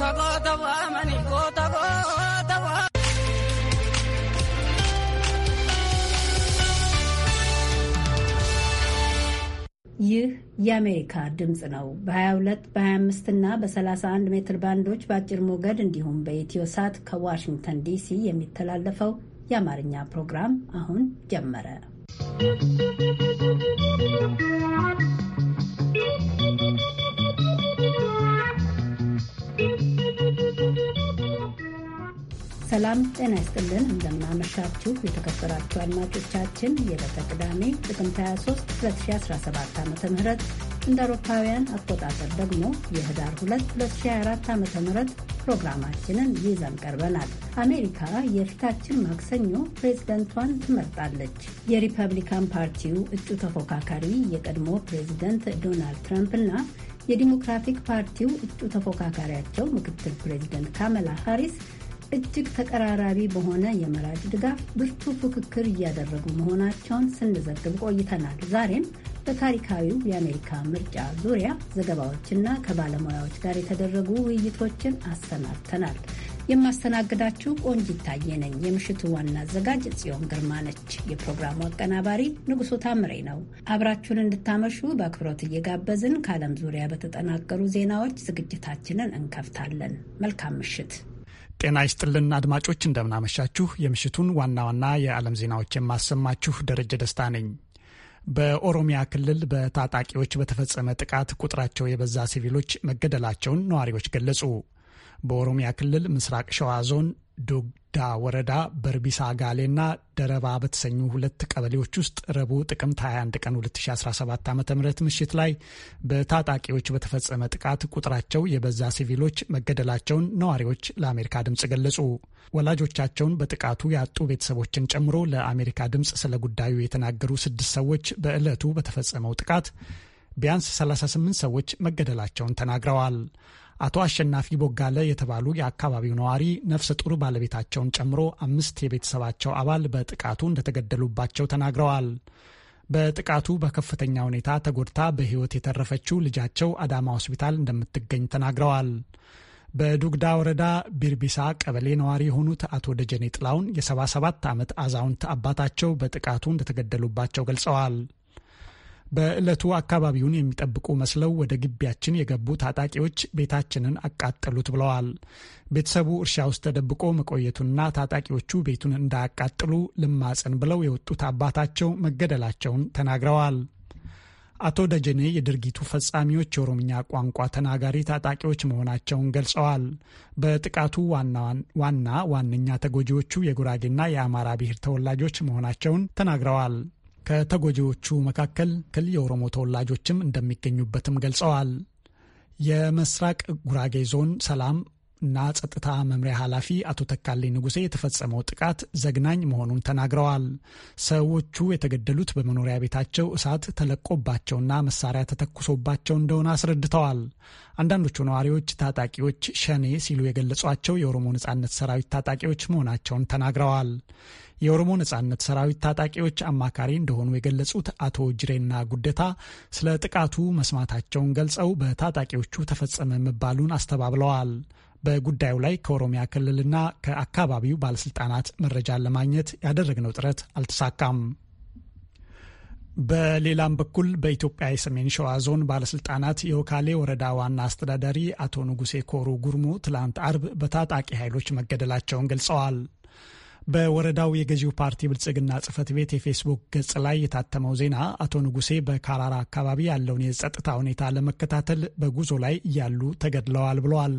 ይህ የአሜሪካ ድምፅ ነው። በ22 በ25 እና በ31 ሜትር ባንዶች በአጭር ሞገድ እንዲሁም በኢትዮ ሳት ከዋሽንግተን ዲሲ የሚተላለፈው የአማርኛ ፕሮግራም አሁን ጀመረ። ሰላም ጤና ይስጥልን። እንደምናመሻችሁ የተከበራችሁ አድማጮቻችን የዕለተ ቅዳሜ ጥቅምት 23 2017 ዓ ም እንደ አውሮፓውያን አቆጣጠር ደግሞ የህዳር 2 2024 ዓ ም ፕሮግራማችንን ይዘን ቀርበናል። አሜሪካ የፊታችን ማክሰኞ ፕሬዝደንቷን ትመርጣለች። የሪፐብሊካን ፓርቲው እጩ ተፎካካሪ የቀድሞ ፕሬዝደንት ዶናልድ ትራምፕ እና የዲሞክራቲክ ፓርቲው እጩ ተፎካካሪያቸው ምክትል ፕሬዝደንት ካመላ ሃሪስ እጅግ ተቀራራቢ በሆነ የመራጭ ድጋፍ ብርቱ ፉክክር እያደረጉ መሆናቸውን ስንዘግብ ቆይተናል። ዛሬም በታሪካዊው የአሜሪካ ምርጫ ዙሪያ ዘገባዎችና ከባለሙያዎች ጋር የተደረጉ ውይይቶችን አሰናድተናል። የማስተናግዳችሁ ቆንጅ ይታየ ነኝ። የምሽቱ ዋና አዘጋጅ ጽዮን ግርማ ነች። የፕሮግራሙ አቀናባሪ ንጉሱ ታምሬ ነው። አብራችሁን እንድታመሹ በአክብሮት እየጋበዝን ከዓለም ዙሪያ በተጠናቀሩ ዜናዎች ዝግጅታችንን እንከፍታለን። መልካም ምሽት። ጤና ይስጥልን አድማጮች፣ እንደምናመሻችሁ። የምሽቱን ዋና ዋና የዓለም ዜናዎች የማሰማችሁ ደረጀ ደስታ ነኝ። በኦሮሚያ ክልል በታጣቂዎች በተፈጸመ ጥቃት ቁጥራቸው የበዛ ሲቪሎች መገደላቸውን ነዋሪዎች ገለጹ። በኦሮሚያ ክልል ምስራቅ ሸዋ ዞን ዳ ወረዳ በርቢሳ ጋሌና ደረባ በተሰኙ ሁለት ቀበሌዎች ውስጥ ረቡዕ ጥቅምት 21 ቀን 2017 ዓ ም ምሽት ላይ በታጣቂዎች በተፈጸመ ጥቃት ቁጥራቸው የበዛ ሲቪሎች መገደላቸውን ነዋሪዎች ለአሜሪካ ድምፅ ገለጹ። ወላጆቻቸውን በጥቃቱ ያጡ ቤተሰቦችን ጨምሮ ለአሜሪካ ድምፅ ስለ ጉዳዩ የተናገሩ ስድስት ሰዎች በዕለቱ በተፈጸመው ጥቃት ቢያንስ 38 ሰዎች መገደላቸውን ተናግረዋል። አቶ አሸናፊ ቦጋለ የተባሉ የአካባቢው ነዋሪ ነፍሰ ጡር ባለቤታቸውን ጨምሮ አምስት የቤተሰባቸው አባል በጥቃቱ እንደተገደሉባቸው ተናግረዋል። በጥቃቱ በከፍተኛ ሁኔታ ተጎድታ በሕይወት የተረፈችው ልጃቸው አዳማ ሆስፒታል እንደምትገኝ ተናግረዋል። በዱግዳ ወረዳ ቢርቢሳ ቀበሌ ነዋሪ የሆኑት አቶ ደጀኔ ጥላውን የ77 ዓመት አዛውንት አባታቸው በጥቃቱ እንደተገደሉባቸው ገልጸዋል። በዕለቱ አካባቢውን የሚጠብቁ መስለው ወደ ግቢያችን የገቡ ታጣቂዎች ቤታችንን አቃጠሉት ብለዋል። ቤተሰቡ እርሻ ውስጥ ተደብቆ መቆየቱና ታጣቂዎቹ ቤቱን እንዳያቃጥሉ ልማጽን ብለው የወጡት አባታቸው መገደላቸውን ተናግረዋል። አቶ ደጀኔ የድርጊቱ ፈጻሚዎች የኦሮምኛ ቋንቋ ተናጋሪ ታጣቂዎች መሆናቸውን ገልጸዋል። በጥቃቱ ዋና ዋነኛ ተጎጂዎቹ የጉራጌና የአማራ ብሔር ተወላጆች መሆናቸውን ተናግረዋል። ከተጎጂዎቹ መካከል ክል የኦሮሞ ተወላጆችም እንደሚገኙበትም ገልጸዋል። የምስራቅ ጉራጌ ዞን ሰላም እና ጸጥታ መምሪያ ኃላፊ አቶ ተካሌ ንጉሴ የተፈጸመው ጥቃት ዘግናኝ መሆኑን ተናግረዋል። ሰዎቹ የተገደሉት በመኖሪያ ቤታቸው እሳት ተለቆባቸውና መሳሪያ ተተኩሶባቸው እንደሆነ አስረድተዋል። አንዳንዶቹ ነዋሪዎች ታጣቂዎች ሸኔ ሲሉ የገለጿቸው የኦሮሞ ነጻነት ሰራዊት ታጣቂዎች መሆናቸውን ተናግረዋል። የኦሮሞ ነጻነት ሰራዊት ታጣቂዎች አማካሪ እንደሆኑ የገለጹት አቶ ጅሬና ጉደታ ስለ ጥቃቱ መስማታቸውን ገልጸው በታጣቂዎቹ ተፈጸመ መባሉን አስተባብለዋል። በጉዳዩ ላይ ከኦሮሚያ ክልልና ከአካባቢው ባለስልጣናት መረጃን ለማግኘት ያደረግነው ጥረት አልተሳካም። በሌላም በኩል በኢትዮጵያ የሰሜን ሸዋ ዞን ባለስልጣናት የወካሌ ወረዳ ዋና አስተዳዳሪ አቶ ንጉሴ ኮሩ ጉርሞ ትላንት አርብ በታጣቂ ኃይሎች መገደላቸውን ገልጸዋል። በወረዳው የገዢው ፓርቲ ብልጽግና ጽህፈት ቤት የፌስቡክ ገጽ ላይ የታተመው ዜና አቶ ንጉሴ በካራራ አካባቢ ያለውን የጸጥታ ሁኔታ ለመከታተል በጉዞ ላይ እያሉ ተገድለዋል ብለዋል።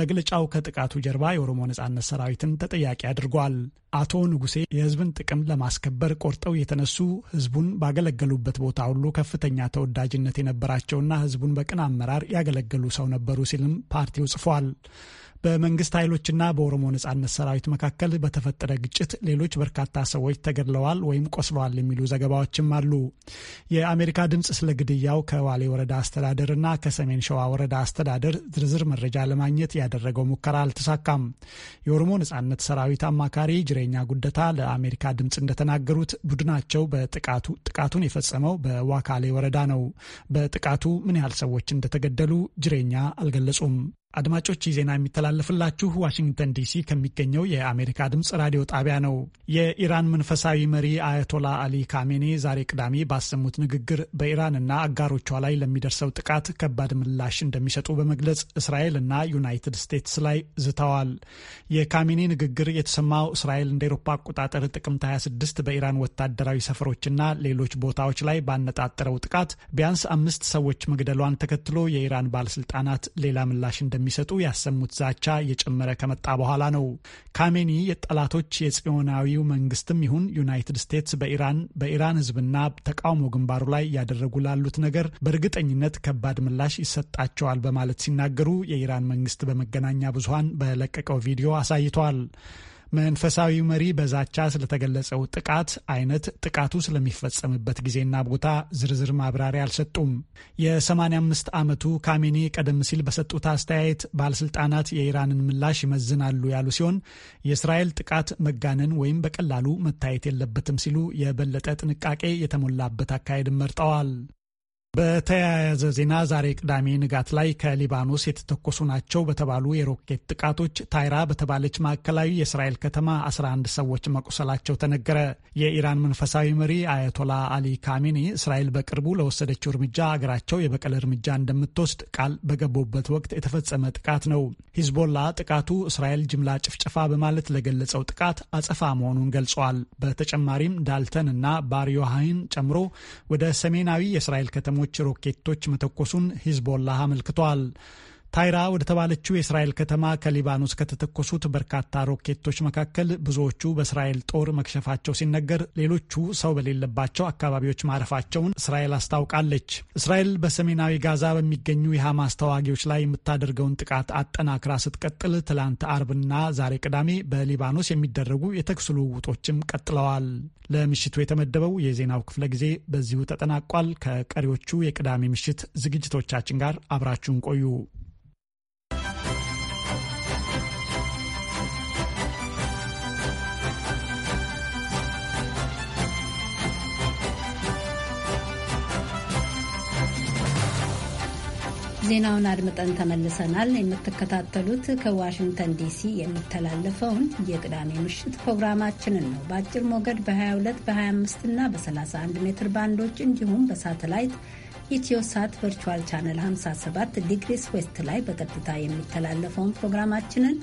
መግለጫው ከጥቃቱ ጀርባ የኦሮሞ ነጻነት ሰራዊትን ተጠያቂ አድርጓል። አቶ ንጉሴ የህዝብን ጥቅም ለማስከበር ቆርጠው የተነሱ ህዝቡን ባገለገሉበት ቦታ ሁሉ ከፍተኛ ተወዳጅነት የነበራቸውና ህዝቡን በቅን አመራር ያገለገሉ ሰው ነበሩ ሲልም ፓርቲው ጽፏል። በመንግስት ኃይሎችና በኦሮሞ ነጻነት ሰራዊት መካከል በተፈጠረ ግጭት ሌሎች በርካታ ሰዎች ተገድለዋል ወይም ቆስለዋል የሚሉ ዘገባዎችም አሉ። የአሜሪካ ድምፅ ስለ ግድያው ከዋሌ ወረዳ አስተዳደር እና ከሰሜን ሸዋ ወረዳ አስተዳደር ዝርዝር መረጃ ለማግኘት ያደረገው ሙከራ አልተሳካም። የኦሮሞ ነጻነት ሰራዊት አማካሪ ጅሬኛ ጉደታ ለአሜሪካ ድምፅ እንደተናገሩት ቡድናቸው በጥቃቱ ጥቃቱን የፈጸመው በዋካሌ ወረዳ ነው። በጥቃቱ ምን ያህል ሰዎች እንደተገደሉ ጅሬኛ አልገለጹም። አድማጮች ዜና የሚተላለፍላችሁ ዋሽንግተን ዲሲ ከሚገኘው የአሜሪካ ድምፅ ራዲዮ ጣቢያ ነው። የኢራን መንፈሳዊ መሪ አያቶላ አሊ ካሜኔ ዛሬ ቅዳሜ ባሰሙት ንግግር በኢራንና አጋሮቿ ላይ ለሚደርሰው ጥቃት ከባድ ምላሽ እንደሚሰጡ በመግለጽ እስራኤልና ዩናይትድ ስቴትስ ላይ ዝተዋል። የካሜኔ ንግግር የተሰማው እስራኤል እንደ ኤሮፓ አቆጣጠር ጥቅምት 26 በኢራን ወታደራዊ ሰፈሮችና ሌሎች ቦታዎች ላይ ባነጣጠረው ጥቃት ቢያንስ አምስት ሰዎች መግደሏን ተከትሎ የኢራን ባለስልጣናት ሌላ ምላሽ እንደ እንደሚሰጡ ያሰሙት ዛቻ እየጨመረ ከመጣ በኋላ ነው። ካሜኒ የጠላቶች የጽዮናዊው መንግስትም ይሁን ዩናይትድ ስቴትስ በኢራን በኢራን ህዝብና ተቃውሞ ግንባሩ ላይ እያደረጉ ላሉት ነገር በእርግጠኝነት ከባድ ምላሽ ይሰጣቸዋል በማለት ሲናገሩ የኢራን መንግስት በመገናኛ ብዙሃን በለቀቀው ቪዲዮ አሳይቷል። መንፈሳዊ መሪ በዛቻ ስለተገለጸው ጥቃት አይነት፣ ጥቃቱ ስለሚፈጸምበት ጊዜና ቦታ ዝርዝር ማብራሪያ አልሰጡም። የ85 ዓመቱ ካሜኒ ቀደም ሲል በሰጡት አስተያየት ባለስልጣናት የኢራንን ምላሽ ይመዝናሉ ያሉ ሲሆን የእስራኤል ጥቃት መጋነን ወይም በቀላሉ መታየት የለበትም ሲሉ የበለጠ ጥንቃቄ የተሞላበት አካሄድ መርጠዋል። በተያያዘ ዜና ዛሬ ቅዳሜ ንጋት ላይ ከሊባኖስ የተተኮሱ ናቸው በተባሉ የሮኬት ጥቃቶች ታይራ በተባለች ማዕከላዊ የእስራኤል ከተማ 11 ሰዎች መቁሰላቸው ተነገረ። የኢራን መንፈሳዊ መሪ አያቶላ አሊ ካሜኒ እስራኤል በቅርቡ ለወሰደችው እርምጃ አገራቸው የበቀል እርምጃ እንደምትወስድ ቃል በገቡበት ወቅት የተፈጸመ ጥቃት ነው። ሂዝቦላ ጥቃቱ እስራኤል ጅምላ ጭፍጨፋ በማለት ለገለጸው ጥቃት አጸፋ መሆኑን ገልጿል። በተጨማሪም ዳልተን እና ባር ዮሃይን ጨምሮ ወደ ሰሜናዊ የእስራኤል ከተሞች ሌሎች ሮኬቶች መተኮሱን ሂዝቦላህ አመልክቷል። ታይራ ወደ ተባለችው የእስራኤል ከተማ ከሊባኖስ ከተተኮሱት በርካታ ሮኬቶች መካከል ብዙዎቹ በእስራኤል ጦር መክሸፋቸው ሲነገር፣ ሌሎቹ ሰው በሌለባቸው አካባቢዎች ማረፋቸውን እስራኤል አስታውቃለች። እስራኤል በሰሜናዊ ጋዛ በሚገኙ የሐማስ ተዋጊዎች ላይ የምታደርገውን ጥቃት አጠናክራ ስትቀጥል ትላንት አርብና ዛሬ ቅዳሜ በሊባኖስ የሚደረጉ የተኩስ ልውውጦችም ቀጥለዋል። ለምሽቱ የተመደበው የዜናው ክፍለ ጊዜ በዚሁ ተጠናቋል። ከቀሪዎቹ የቅዳሜ ምሽት ዝግጅቶቻችን ጋር አብራችሁን ቆዩ። ዜናውን አድምጠን ተመልሰናል። የምትከታተሉት ከዋሽንግተን ዲሲ የሚተላለፈውን የቅዳሜ ምሽት ፕሮግራማችንን ነው። በአጭር ሞገድ በ22 በ25 እና በ31 ሜትር ባንዶች እንዲሁም በሳተላይት ኢትዮሳት ቨርቹዋል ቻነል 57 ዲግሪስ ዌስት ላይ በቀጥታ የሚተላለፈውን ፕሮግራማችንን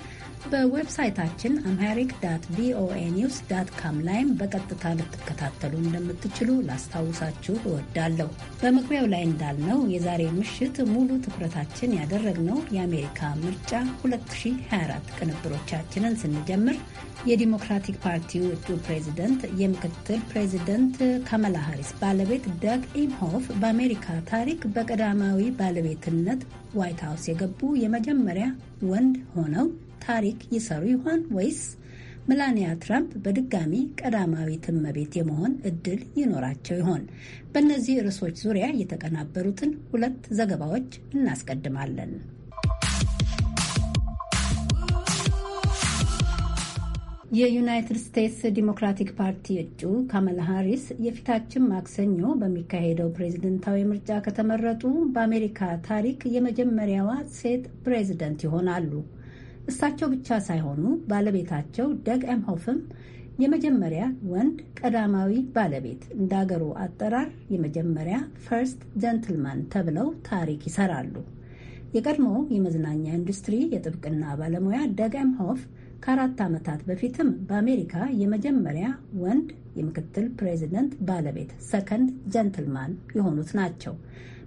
በዌብሳይታችን አምሃሪክ ዳት ቪኦኤ ኒውስ ዳት ካም ላይም በቀጥታ ልትከታተሉ እንደምትችሉ ላስታውሳችሁ እወዳለሁ። በመግቢያው ላይ እንዳልነው የዛሬ ምሽት ሙሉ ትኩረታችን ያደረግነው የአሜሪካ ምርጫ 2024 ቅንብሮቻችንን ስንጀምር የዲሞክራቲክ ፓርቲው እጩ ፕሬዚደንት የምክትል ፕሬዚደንት ካማላ ሃሪስ ባለቤት ደግ ኢምሆፍ በአሜሪካ ታሪክ በቀዳማዊ ባለቤትነት ዋይት ሀውስ የገቡ የመጀመሪያ ወንድ ሆነው ታሪክ ይሰሩ ይሆን ወይስ ሜላኒያ ትራምፕ በድጋሚ ቀዳማዊት እመቤት የመሆን እድል ይኖራቸው ይሆን? በእነዚህ ርዕሶች ዙሪያ የተቀናበሩትን ሁለት ዘገባዎች እናስቀድማለን። የዩናይትድ ስቴትስ ዲሞክራቲክ ፓርቲ እጩ ካማላ ሃሪስ የፊታችን ማክሰኞ በሚካሄደው ፕሬዝደንታዊ ምርጫ ከተመረጡ በአሜሪካ ታሪክ የመጀመሪያዋ ሴት ፕሬዝደንት ይሆናሉ። እሳቸው ብቻ ሳይሆኑ ባለቤታቸው ደግ ኤምሆፍም የመጀመሪያ ወንድ ቀዳማዊ ባለቤት እንደ አገሩ አጠራር የመጀመሪያ ፈርስት ጀንትልማን ተብለው ታሪክ ይሰራሉ። የቀድሞ የመዝናኛ ኢንዱስትሪ የጥብቅና ባለሙያ ደግ ኤምሆፍ ከአራት ዓመታት በፊትም በአሜሪካ የመጀመሪያ ወንድ የምክትል ፕሬዚደንት ባለቤት ሰከንድ ጀንትልማን የሆኑት ናቸው።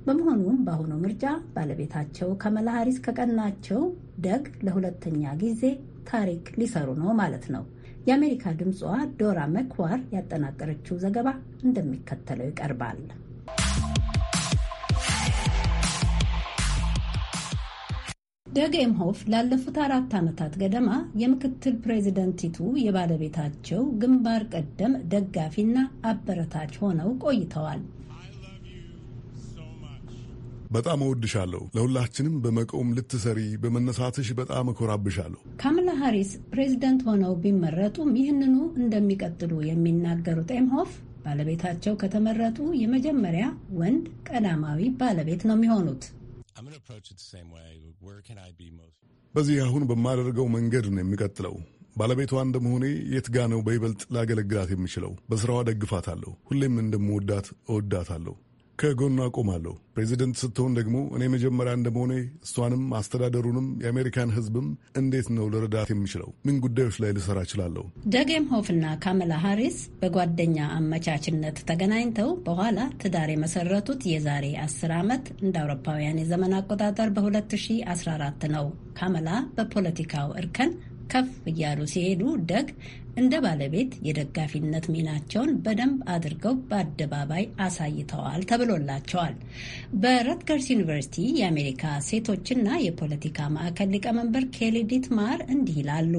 በመሆኑም በአሁኑ ምርጫ ባለቤታቸው ከመላ ሀሪስ ከቀናቸው ደግ ለሁለተኛ ጊዜ ታሪክ ሊሰሩ ነው ማለት ነው። የአሜሪካ ድምጿ ዶራ መክዋር ያጠናቀረችው ዘገባ እንደሚከተለው ይቀርባል። ደግ ኤምሆፍ ላለፉት አራት ዓመታት ገደማ የምክትል ፕሬዚደንቲቱ የባለቤታቸው ግንባር ቀደም ደጋፊና አበረታች ሆነው ቆይተዋል። በጣም እወድሻለሁ። ለሁላችንም በመቆም ልትሰሪ በመነሳትሽ በጣም እኮራብሻለሁ። ካምላ ሃሪስ ፕሬዚደንት ሆነው ቢመረጡም ይህንኑ እንደሚቀጥሉ የሚናገሩት ኤምሆፍ ባለቤታቸው ከተመረጡ የመጀመሪያ ወንድ ቀዳማዊ ባለቤት ነው የሚሆኑት። በዚህ አሁን በማደርገው መንገድ ነው የሚቀጥለው። ባለቤቷ እንደመሆኔ የት ጋ ነው በይበልጥ ላገለግላት የምችለው? በስራዋ ደግፋታለሁ። ሁሌም እንደምወዳት እወዳታለሁ። ከጎኗ አቆማለሁ። ፕሬዚደንት ስትሆን ደግሞ እኔ መጀመሪያ እንደመሆኔ እሷንም አስተዳደሩንም የአሜሪካን ሕዝብም እንዴት ነው ልረዳት የሚችለው ምን ጉዳዮች ላይ ልሰራ እችላለሁ? ደጌም ሆፍ እና ካመላ ሃሪስ በጓደኛ አመቻችነት ተገናኝተው በኋላ ትዳር የመሰረቱት የዛሬ አስር ዓመት እንደ አውሮፓውያን የዘመን አቆጣጠር በ2014 ነው። ካመላ በፖለቲካው እርከን ከፍ እያሉ ሲሄዱ ደግ እንደ ባለቤት የደጋፊነት ሚናቸውን በደንብ አድርገው በአደባባይ አሳይተዋል ተብሎላቸዋል። በረትገርስ ዩኒቨርሲቲ የአሜሪካ ሴቶችና የፖለቲካ ማዕከል ሊቀመንበር ኬሊ ዲትማር እንዲህ ይላሉ።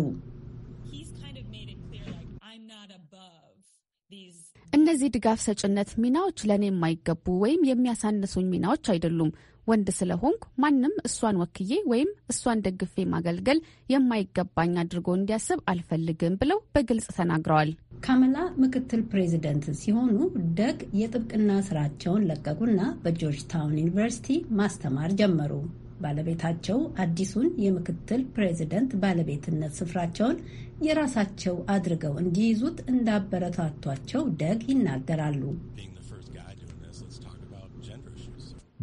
እነዚህ ድጋፍ ሰጭነት ሚናዎች ለእኔ የማይገቡ ወይም የሚያሳንሱኝ ሚናዎች አይደሉም። ወንድ ስለሆንኩ ማንም እሷን ወክዬ ወይም እሷን ደግፌ ማገልገል የማይገባኝ አድርጎ እንዲያስብ አልፈልግም ብለው በግልጽ ተናግረዋል። ካመላ ምክትል ፕሬዚደንት ሲሆኑ ደግ የጥብቅና ስራቸውን ለቀቁና በጆርጅ ታውን ዩኒቨርሲቲ ማስተማር ጀመሩ። ባለቤታቸው አዲሱን የምክትል ፕሬዚደንት ባለቤትነት ስፍራቸውን የራሳቸው አድርገው እንዲይዙት እንዳበረታቷቸው ደግ ይናገራሉ።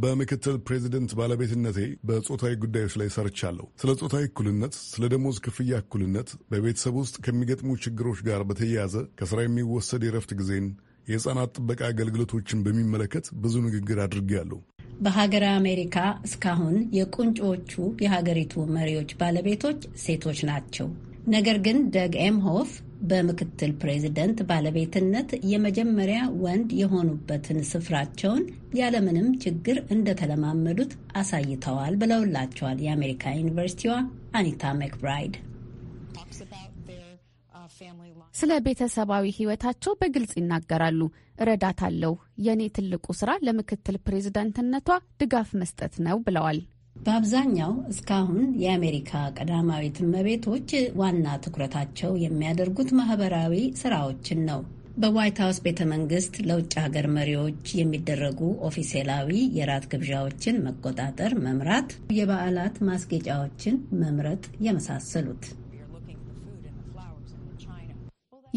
በምክትል ፕሬዚደንት ባለቤትነቴ በጾታዊ ጉዳዮች ላይ ሰርቻለሁ። ስለ ጾታዊ እኩልነት፣ ስለ ደሞዝ ክፍያ እኩልነት፣ በቤተሰብ ውስጥ ከሚገጥሙ ችግሮች ጋር በተያያዘ ከስራ የሚወሰድ የረፍት ጊዜን፣ የህፃናት ጥበቃ አገልግሎቶችን በሚመለከት ብዙ ንግግር አድርጌያለሁ። በሀገረ አሜሪካ እስካሁን የቁንጮቹ የሀገሪቱ መሪዎች ባለቤቶች ሴቶች ናቸው። ነገር ግን ደግ ኤምሆፍ በምክትል ፕሬዚደንት ባለቤትነት የመጀመሪያ ወንድ የሆኑበትን ስፍራቸውን ያለምንም ችግር እንደተለማመዱት አሳይተዋል ብለውላቸዋል የአሜሪካ ዩኒቨርሲቲዋ አኒታ መክብራይድ። ስለ ቤተሰባዊ ሕይወታቸው በግልጽ ይናገራሉ። እረዳታለሁ። የእኔ ትልቁ ስራ ለምክትል ፕሬዚደንትነቷ ድጋፍ መስጠት ነው ብለዋል። በአብዛኛው እስካሁን የአሜሪካ ቀዳማዊት እመቤቶች ዋና ትኩረታቸው የሚያደርጉት ማህበራዊ ስራዎችን ነው። በዋይት ሀውስ ቤተ መንግስት ለውጭ ሀገር መሪዎች የሚደረጉ ኦፊሴላዊ የራት ግብዣዎችን መቆጣጠር፣ መምራት፣ የበዓላት ማስጌጫዎችን መምረጥ የመሳሰሉት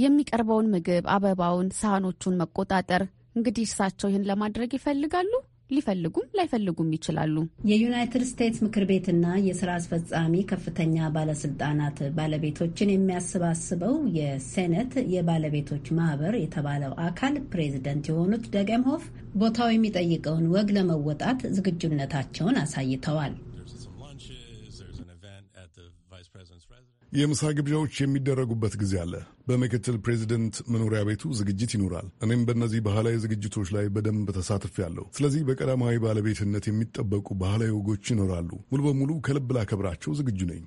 የሚቀርበውን ምግብ፣ አበባውን፣ ሳህኖቹን መቆጣጠር። እንግዲህ እርሳቸው ይህን ለማድረግ ይፈልጋሉ። ሊፈልጉም ላይፈልጉም ይችላሉ። የዩናይትድ ስቴትስ ምክር ቤትና የስራ አስፈጻሚ ከፍተኛ ባለስልጣናት ባለቤቶችን የሚያሰባስበው የሴኔት የባለቤቶች ማህበር የተባለው አካል ፕሬዚደንት የሆኑት ደገምሆፍ ቦታው የሚጠይቀውን ወግ ለመወጣት ዝግጁነታቸውን አሳይተዋል። የምሳ ግብዣዎች የሚደረጉበት ጊዜ አለ። በምክትል ፕሬዚደንት መኖሪያ ቤቱ ዝግጅት ይኖራል። እኔም በእነዚህ ባህላዊ ዝግጅቶች ላይ በደንብ ተሳትፍ ያለሁ። ስለዚህ በቀዳማዊ ባለቤትነት የሚጠበቁ ባህላዊ ወጎች ይኖራሉ። ሙሉ በሙሉ ከልብ ላከብራቸው ዝግጁ ነኝ።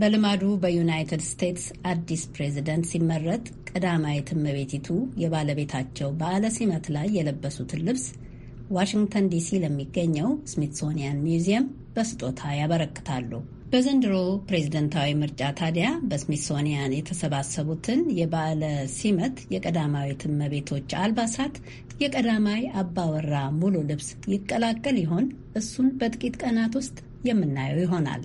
በልማዱ በዩናይትድ ስቴትስ አዲስ ፕሬዚደንት ሲመረጥ ቀዳማዊት እመቤቲቱ የባለቤታቸው በዓለ ሲመት ላይ የለበሱትን ልብስ ዋሽንግተን ዲሲ ለሚገኘው ስሚትሶኒያን ሚውዚየም በስጦታ ያበረክታሉ። በዘንድሮ ፕሬዝደንታዊ ምርጫ ታዲያ በስሚሶኒያን የተሰባሰቡትን የባለ ሲመት የቀዳማዊት እመቤቶች አልባሳት የቀዳማይ አባወራ ሙሉ ልብስ ይቀላቀል ይሆን? እሱን በጥቂት ቀናት ውስጥ የምናየው ይሆናል።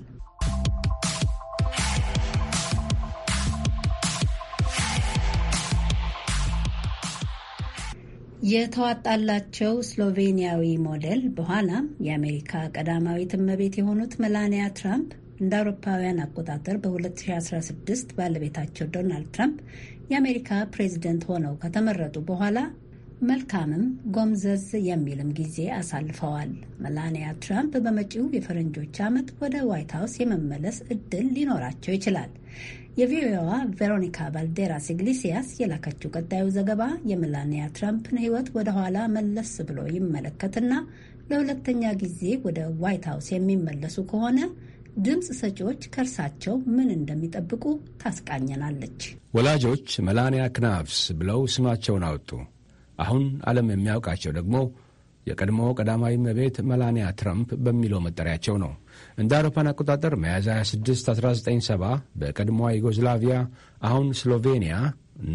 የተዋጣላቸው ስሎቬኒያዊ ሞዴል በኋላም የአሜሪካ ቀዳማዊት እመቤት የሆኑት መላኒያ ትራምፕ እንደ አውሮፓውያን አቆጣጠር በ2016 ባለቤታቸው ዶናልድ ትራምፕ የአሜሪካ ፕሬዚደንት ሆነው ከተመረጡ በኋላ መልካምም ጎምዘዝ የሚልም ጊዜ አሳልፈዋል። መላንያ ትራምፕ በመጪው የፈረንጆች ዓመት ወደ ዋይት ሀውስ የመመለስ እድል ሊኖራቸው ይችላል። የቪኦኤዋ ቬሮኒካ ባልዴራስ ኢግሊሲያስ የላከችው ቀጣዩ ዘገባ የመላንያ ትራምፕን ሕይወት ወደ ኋላ መለስ ብሎ ይመለከትና ለሁለተኛ ጊዜ ወደ ዋይት ሀውስ የሚመለሱ ከሆነ ድምፅ ሰጪዎች ከእርሳቸው ምን እንደሚጠብቁ ታስቃኘናለች። ወላጆች መላንያ ክናፍስ ብለው ስማቸውን አወጡ። አሁን ዓለም የሚያውቃቸው ደግሞ የቀድሞ ቀዳማዊ እመቤት መላንያ ትራምፕ በሚለው መጠሪያቸው ነው። እንደ አውሮፓን አቆጣጠር መያዝ 26 1970 በቀድሞዋ ዩጎዝላቪያ አሁን ስሎቬንያ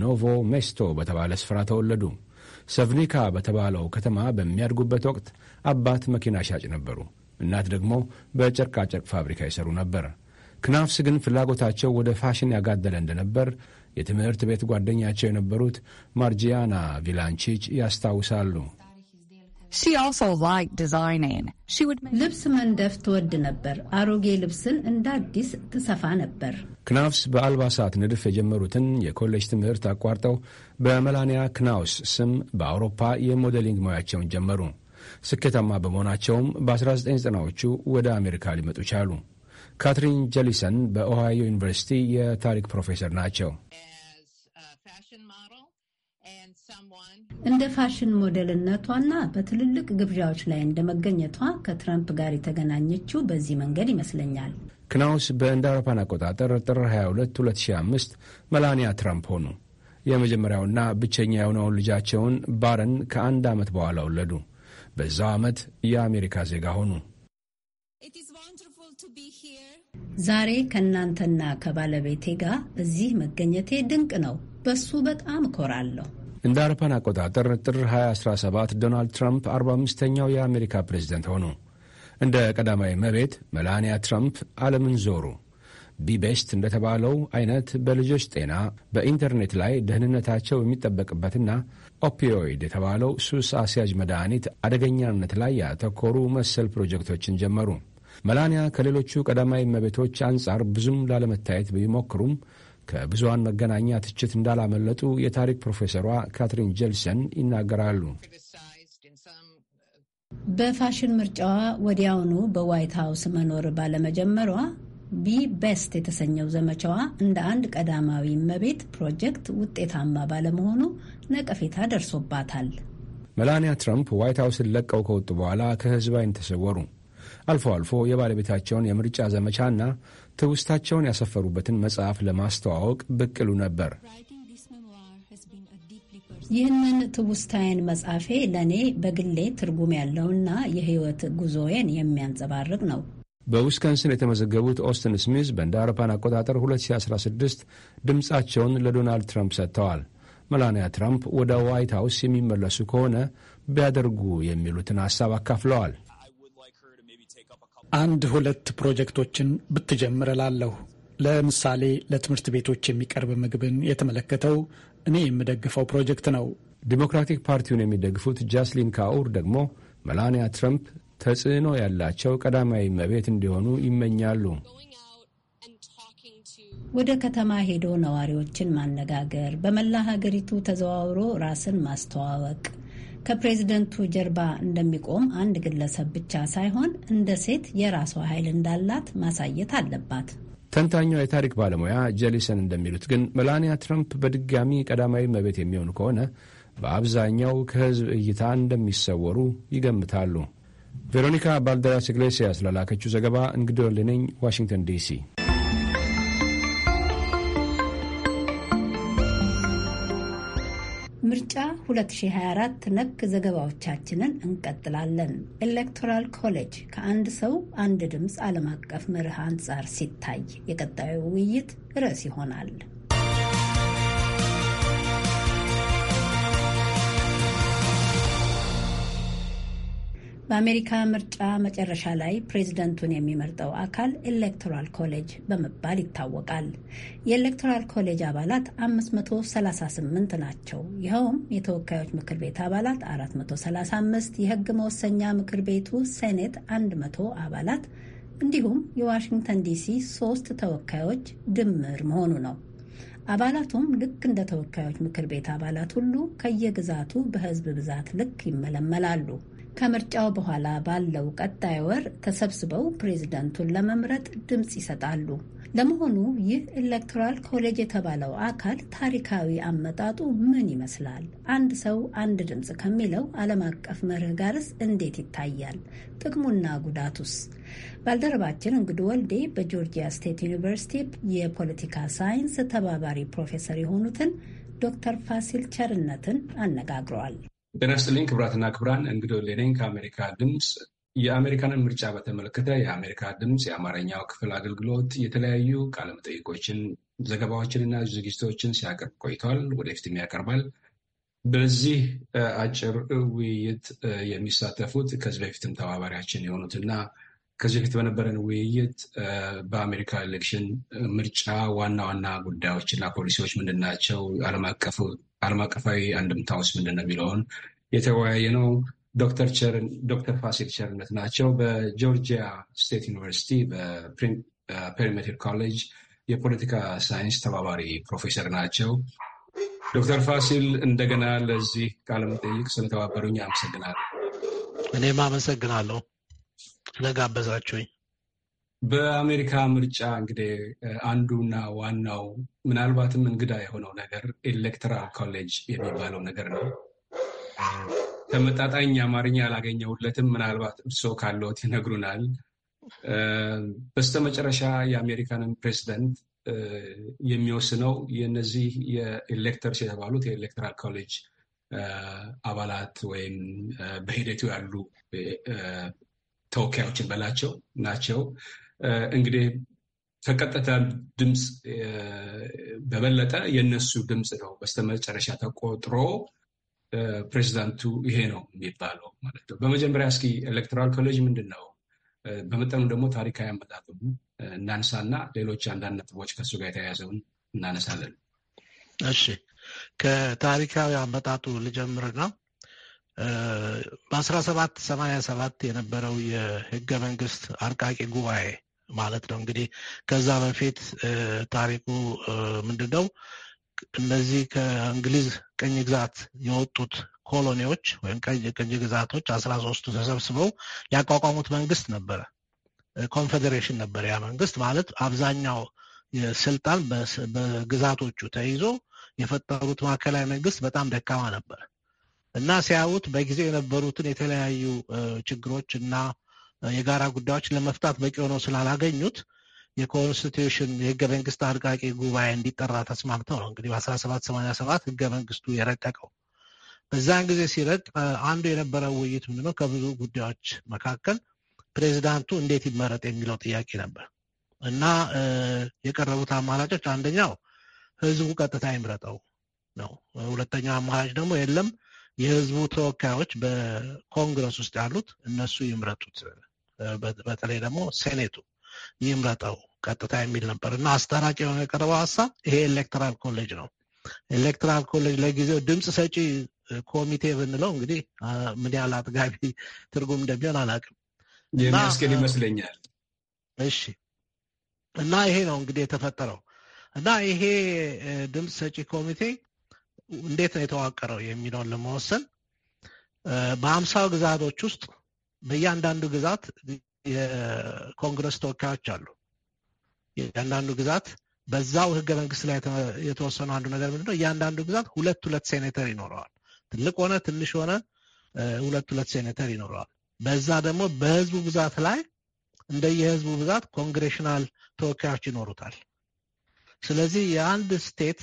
ኖቮ ሜስቶ በተባለ ስፍራ ተወለዱ። ሰቭኒካ በተባለው ከተማ በሚያድጉበት ወቅት አባት መኪና ሻጭ ነበሩ። እናት ደግሞ በጨርቃጨርቅ ፋብሪካ ይሰሩ ነበር። ክናፍስ ግን ፍላጎታቸው ወደ ፋሽን ያጋደለ እንደነበር የትምህርት ቤት ጓደኛቸው የነበሩት ማርጂያና ቪላንቺች ያስታውሳሉ። ልብስ መንደፍ ትወድ ነበር። አሮጌ ልብስን እንደ አዲስ ትሰፋ ነበር። ክናፍስ በአልባሳት ንድፍ የጀመሩትን የኮሌጅ ትምህርት አቋርጠው በመላንያ ክናውስ ስም በአውሮፓ የሞዴሊንግ ሙያቸውን ጀመሩ። ስኬታማ በመሆናቸውም በ1990ዎቹ ወደ አሜሪካ ሊመጡ ቻሉ። ካትሪን ጀሊሰን በኦሃዮ ዩኒቨርሲቲ የታሪክ ፕሮፌሰር ናቸው። እንደ ፋሽን ሞዴልነቷና በትልልቅ ግብዣዎች ላይ እንደ መገኘቷ ከትራምፕ ጋር የተገናኘችው በዚህ መንገድ ይመስለኛል። ክናውስ በእንደ አውሮፓን አቆጣጠር ጥር 22 2005 መላኒያ ትራምፕ ሆኑ። የመጀመሪያውና ብቸኛ የሆነውን ልጃቸውን ባረን ከአንድ ዓመት በኋላ ወለዱ። በዛው ዓመት የአሜሪካ ዜጋ ሆኑ። ዛሬ ከእናንተና ከባለቤቴ ጋር እዚህ መገኘቴ ድንቅ ነው። በሱ በጣም እኮራለሁ። እንደ አውሮፓን አቆጣጠር ጥር 2017 ዶናልድ ትራምፕ 45ኛው የአሜሪካ ፕሬዝደንት ሆኑ። እንደ ቀዳማዊ መቤት መላንያ ትራምፕ ዓለምን ዞሩ። ቢቤስት እንደተባለው አይነት በልጆች ጤና፣ በኢንተርኔት ላይ ደህንነታቸው የሚጠበቅበትና ኦፒዮይድ የተባለው ሱስ አስያዥ መድኃኒት አደገኛነት ላይ ያተኮሩ መሰል ፕሮጀክቶችን ጀመሩ። መላንያ ከሌሎቹ ቀዳማዊ እመቤቶች አንጻር ብዙም ላለመታየት ቢሞክሩም ከብዙሃን መገናኛ ትችት እንዳላመለጡ የታሪክ ፕሮፌሰሯ ካትሪን ጀልሰን ይናገራሉ። በፋሽን ምርጫዋ ወዲያውኑ በዋይት ሀውስ መኖር ባለመጀመሯ ቢ ቤስት የተሰኘው ዘመቻዋ እንደ አንድ ቀዳማዊ እመቤት ፕሮጀክት ውጤታማ ባለመሆኑ ነቀፌታ ደርሶባታል። መላኒያ ትራምፕ ዋይት ሀውስን ለቀው ከወጡ በኋላ ከህዝብ አይን ተሰወሩ። አልፎ አልፎ የባለቤታቸውን የምርጫ ዘመቻና ትውስታቸውን ያሰፈሩበትን መጽሐፍ ለማስተዋወቅ ብቅሉ ነበር። ይህንን ትውስታዬን መጽሐፌ ለእኔ በግሌ ትርጉም ያለውና የህይወት ጉዞዬን የሚያንጸባርቅ ነው። በዊስካንስን የተመዘገቡት ኦስትን ስሚዝ በእንደ አውሮፓን አቆጣጠር 2016 ድምፃቸውን ለዶናልድ ትራምፕ ሰጥተዋል። መላንያ ትራምፕ ወደ ዋይት ሀውስ የሚመለሱ ከሆነ ቢያደርጉ የሚሉትን ሀሳብ አካፍለዋል። አንድ ሁለት ፕሮጀክቶችን ብትጀምር እላለሁ። ለምሳሌ ለትምህርት ቤቶች የሚቀርብ ምግብን የተመለከተው እኔ የምደግፈው ፕሮጀክት ነው። ዲሞክራቲክ ፓርቲውን የሚደግፉት ጃስሊን ካኡር ደግሞ መላንያ ትራምፕ ተጽዕኖ ያላቸው ቀዳማዊ እመቤት እንዲሆኑ ይመኛሉ። ወደ ከተማ ሄዶ ነዋሪዎችን ማነጋገር፣ በመላ ሀገሪቱ ተዘዋውሮ ራስን ማስተዋወቅ፣ ከፕሬዝደንቱ ጀርባ እንደሚቆም አንድ ግለሰብ ብቻ ሳይሆን እንደ ሴት የራሷ ኃይል እንዳላት ማሳየት አለባት። ተንታኛው የታሪክ ባለሙያ ጀሊሰን እንደሚሉት ግን መላኒያ ትራምፕ በድጋሚ ቀዳማዊ እመቤት የሚሆኑ ከሆነ በአብዛኛው ከሕዝብ እይታ እንደሚሰወሩ ይገምታሉ። ቬሮኒካ ባልደራስ ኢግሌሲያስ ላላከችው ዘገባ እንግዲህ ወልነኝ ዋሽንግተን ዲሲ። ምርጫ 2024 ነክ ዘገባዎቻችንን እንቀጥላለን። ኤሌክቶራል ኮሌጅ ከአንድ ሰው አንድ ድምፅ ዓለም አቀፍ መርህ አንጻር ሲታይ የቀጣዩ ውይይት ርዕስ ይሆናል። በአሜሪካ ምርጫ መጨረሻ ላይ ፕሬዝደንቱን የሚመርጠው አካል ኤሌክቶራል ኮሌጅ በመባል ይታወቃል። የኤሌክቶራል ኮሌጅ አባላት 538 ናቸው። ይኸውም የተወካዮች ምክር ቤት አባላት 435፣ የህግ መወሰኛ ምክር ቤቱ ሴኔት 100 አባላት እንዲሁም የዋሽንግተን ዲሲ ሶስት ተወካዮች ድምር መሆኑ ነው። አባላቱም ልክ እንደ ተወካዮች ምክር ቤት አባላት ሁሉ ከየግዛቱ በህዝብ ብዛት ልክ ይመለመላሉ። ከምርጫው በኋላ ባለው ቀጣይ ወር ተሰብስበው ፕሬዝደንቱን ለመምረጥ ድምፅ ይሰጣሉ። ለመሆኑ ይህ ኤሌክቶራል ኮሌጅ የተባለው አካል ታሪካዊ አመጣጡ ምን ይመስላል? አንድ ሰው አንድ ድምፅ ከሚለው ዓለም አቀፍ መርህ ጋርስ እንዴት ይታያል? ጥቅሙና ጉዳቱስ? ባልደረባችን እንግዱ ወልዴ በጆርጂያ ስቴት ዩኒቨርሲቲ የፖለቲካ ሳይንስ ተባባሪ ፕሮፌሰር የሆኑትን ዶክተር ፋሲል ቸርነትን አነጋግረዋል። ጤና ይስጥልኝ ክቡራትና ክብራን እንግዲህ ሌኔን ከአሜሪካ ድምፅ የአሜሪካንን ምርጫ በተመለከተ የአሜሪካ ድምፅ የአማርኛው ክፍል አገልግሎት የተለያዩ ቃለመጠይቆችን፣ ዘገባዎችንና ዝግጅቶችን ሲያቀርብ ቆይቷል። ወደፊትም ያቀርባል። በዚህ አጭር ውይይት የሚሳተፉት ከዚህ በፊትም ተባባሪያችን የሆኑትና ከዚህ በፊት በነበረን ውይይት በአሜሪካ ኤሌክሽን ምርጫ ዋና ዋና ጉዳዮችና ፖሊሲዎች ምንድናቸው ናቸው፣ ዓለም ዓለም አቀፋዊ አንድምታዎች ምንድን ነው የሚለውን የተወያየ ነው። ዶክተር ዶክተር ፋሲል ቸርነት ናቸው። በጆርጂያ ስቴት ዩኒቨርሲቲ በፔሪሜትር ኮሌጅ የፖለቲካ ሳይንስ ተባባሪ ፕሮፌሰር ናቸው። ዶክተር ፋሲል እንደገና ለዚህ ቃለ መጠይቅ ስለተባበሩኝ አመሰግናለሁ። እኔም አመሰግናለሁ ለጋበዛችሁኝ። በአሜሪካ ምርጫ እንግዲህ አንዱና ዋናው ምናልባትም እንግዳ የሆነው ነገር ኤሌክትራል ኮሌጅ የሚባለው ነገር ነው። ተመጣጣኝ አማርኛ አላገኘሁለትም። ምናልባት እርስዎ ካለዎት ይነግሩናል። በስተመጨረሻ የአሜሪካንን ፕሬዚደንት የሚወስነው የነዚህ የኤሌክተርስ የተባሉት የኤሌክትራል ኮሌጅ አባላት ወይም በሂደቱ ያሉ ተወካዮችን በላቸው ናቸው። እንግዲህ ከቀጥታ ድምፅ በበለጠ የእነሱ ድምፅ ነው በስተመጨረሻ ተቆጥሮ ፕሬዚዳንቱ ይሄ ነው የሚባለው ማለት ነው። በመጀመሪያ እስኪ ኤሌክቶራል ኮሌጅ ምንድን ነው በመጠኑ ደግሞ ታሪካዊ አመጣጡን እናነሳና ሌሎች አንዳንድ ነጥቦች ከእሱ ጋር የተያያዘውን እናነሳለን። እሺ ከታሪካዊ አመጣጡ ልጀምርና በአስራ ሰባት ሰማንያ ሰባት የነበረው የህገ መንግስት አርቃቂ ጉባኤ ማለት ነው። እንግዲህ ከዛ በፊት ታሪኩ ምንድን ነው? እነዚህ ከእንግሊዝ ቅኝ ግዛት የወጡት ኮሎኒዎች ወይም ቅኝ ግዛቶች አስራ ሶስቱ ተሰብስበው ያቋቋሙት መንግስት ነበረ። ኮንፌዴሬሽን ነበር ያ መንግስት ማለት አብዛኛው ስልጣን በግዛቶቹ ተይዞ የፈጠሩት ማዕከላዊ መንግስት በጣም ደካማ ነበር እና ሲያዩት በጊዜው የነበሩትን የተለያዩ ችግሮች እና የጋራ ጉዳዮችን ለመፍታት በቂ ሆነው ስላላገኙት የኮንስቲቱሽን የህገ መንግስት አርቃቂ ጉባኤ እንዲጠራ ተስማምተው ነው እንግዲህ በ ሰባት ህገ መንግስቱ የረቀቀው። በዛን ጊዜ ሲረቅ አንዱ የነበረው ውይይት ምንድነው? ከብዙ ጉዳዮች መካከል ፕሬዚዳንቱ እንዴት ይመረጥ የሚለው ጥያቄ ነበር እና የቀረቡት አማራጮች አንደኛው ህዝቡ ቀጥታ ይምረጠው ነው። ሁለተኛው አማራጭ ደግሞ የለም የህዝቡ ተወካዮች በኮንግረስ ውስጥ ያሉት እነሱ ይምረጡት በተለይ ደግሞ ሴኔቱ ይምረጠው ቀጥታ የሚል ነበር እና አስታራቂ የሆነ የቀረበው ሀሳብ ይሄ ኤሌክትራል ኮሌጅ ነው። ኤሌክትራል ኮሌጅ ለጊዜው ድምፅ ሰጪ ኮሚቴ ብንለው እንግዲህ ምን ያህል አጥጋቢ ትርጉም እንደሚሆን አላውቅም። የሚያስገድ ይመስለኛል። እሺ እና ይሄ ነው እንግዲህ የተፈጠረው እና ይሄ ድምፅ ሰጪ ኮሚቴ እንዴት ነው የተዋቀረው የሚለውን ለመወሰን በአምሳው ግዛቶች ውስጥ በእያንዳንዱ ግዛት የኮንግረስ ተወካዮች አሉ። እያንዳንዱ ግዛት በዛው ህገ መንግስት ላይ የተወሰኑ አንዱ ነገር ነው እያንዳንዱ ግዛት ሁለት ሁለት ሴኔተር ይኖረዋል። ትልቅ ሆነ ትንሽ ሆነ ሁለት ሁለት ሴኔተር ይኖረዋል። በዛ ደግሞ በህዝቡ ብዛት ላይ እንደየህዝቡ ብዛት ኮንግሬሽናል ተወካዮች ይኖሩታል። ስለዚህ የአንድ ስቴት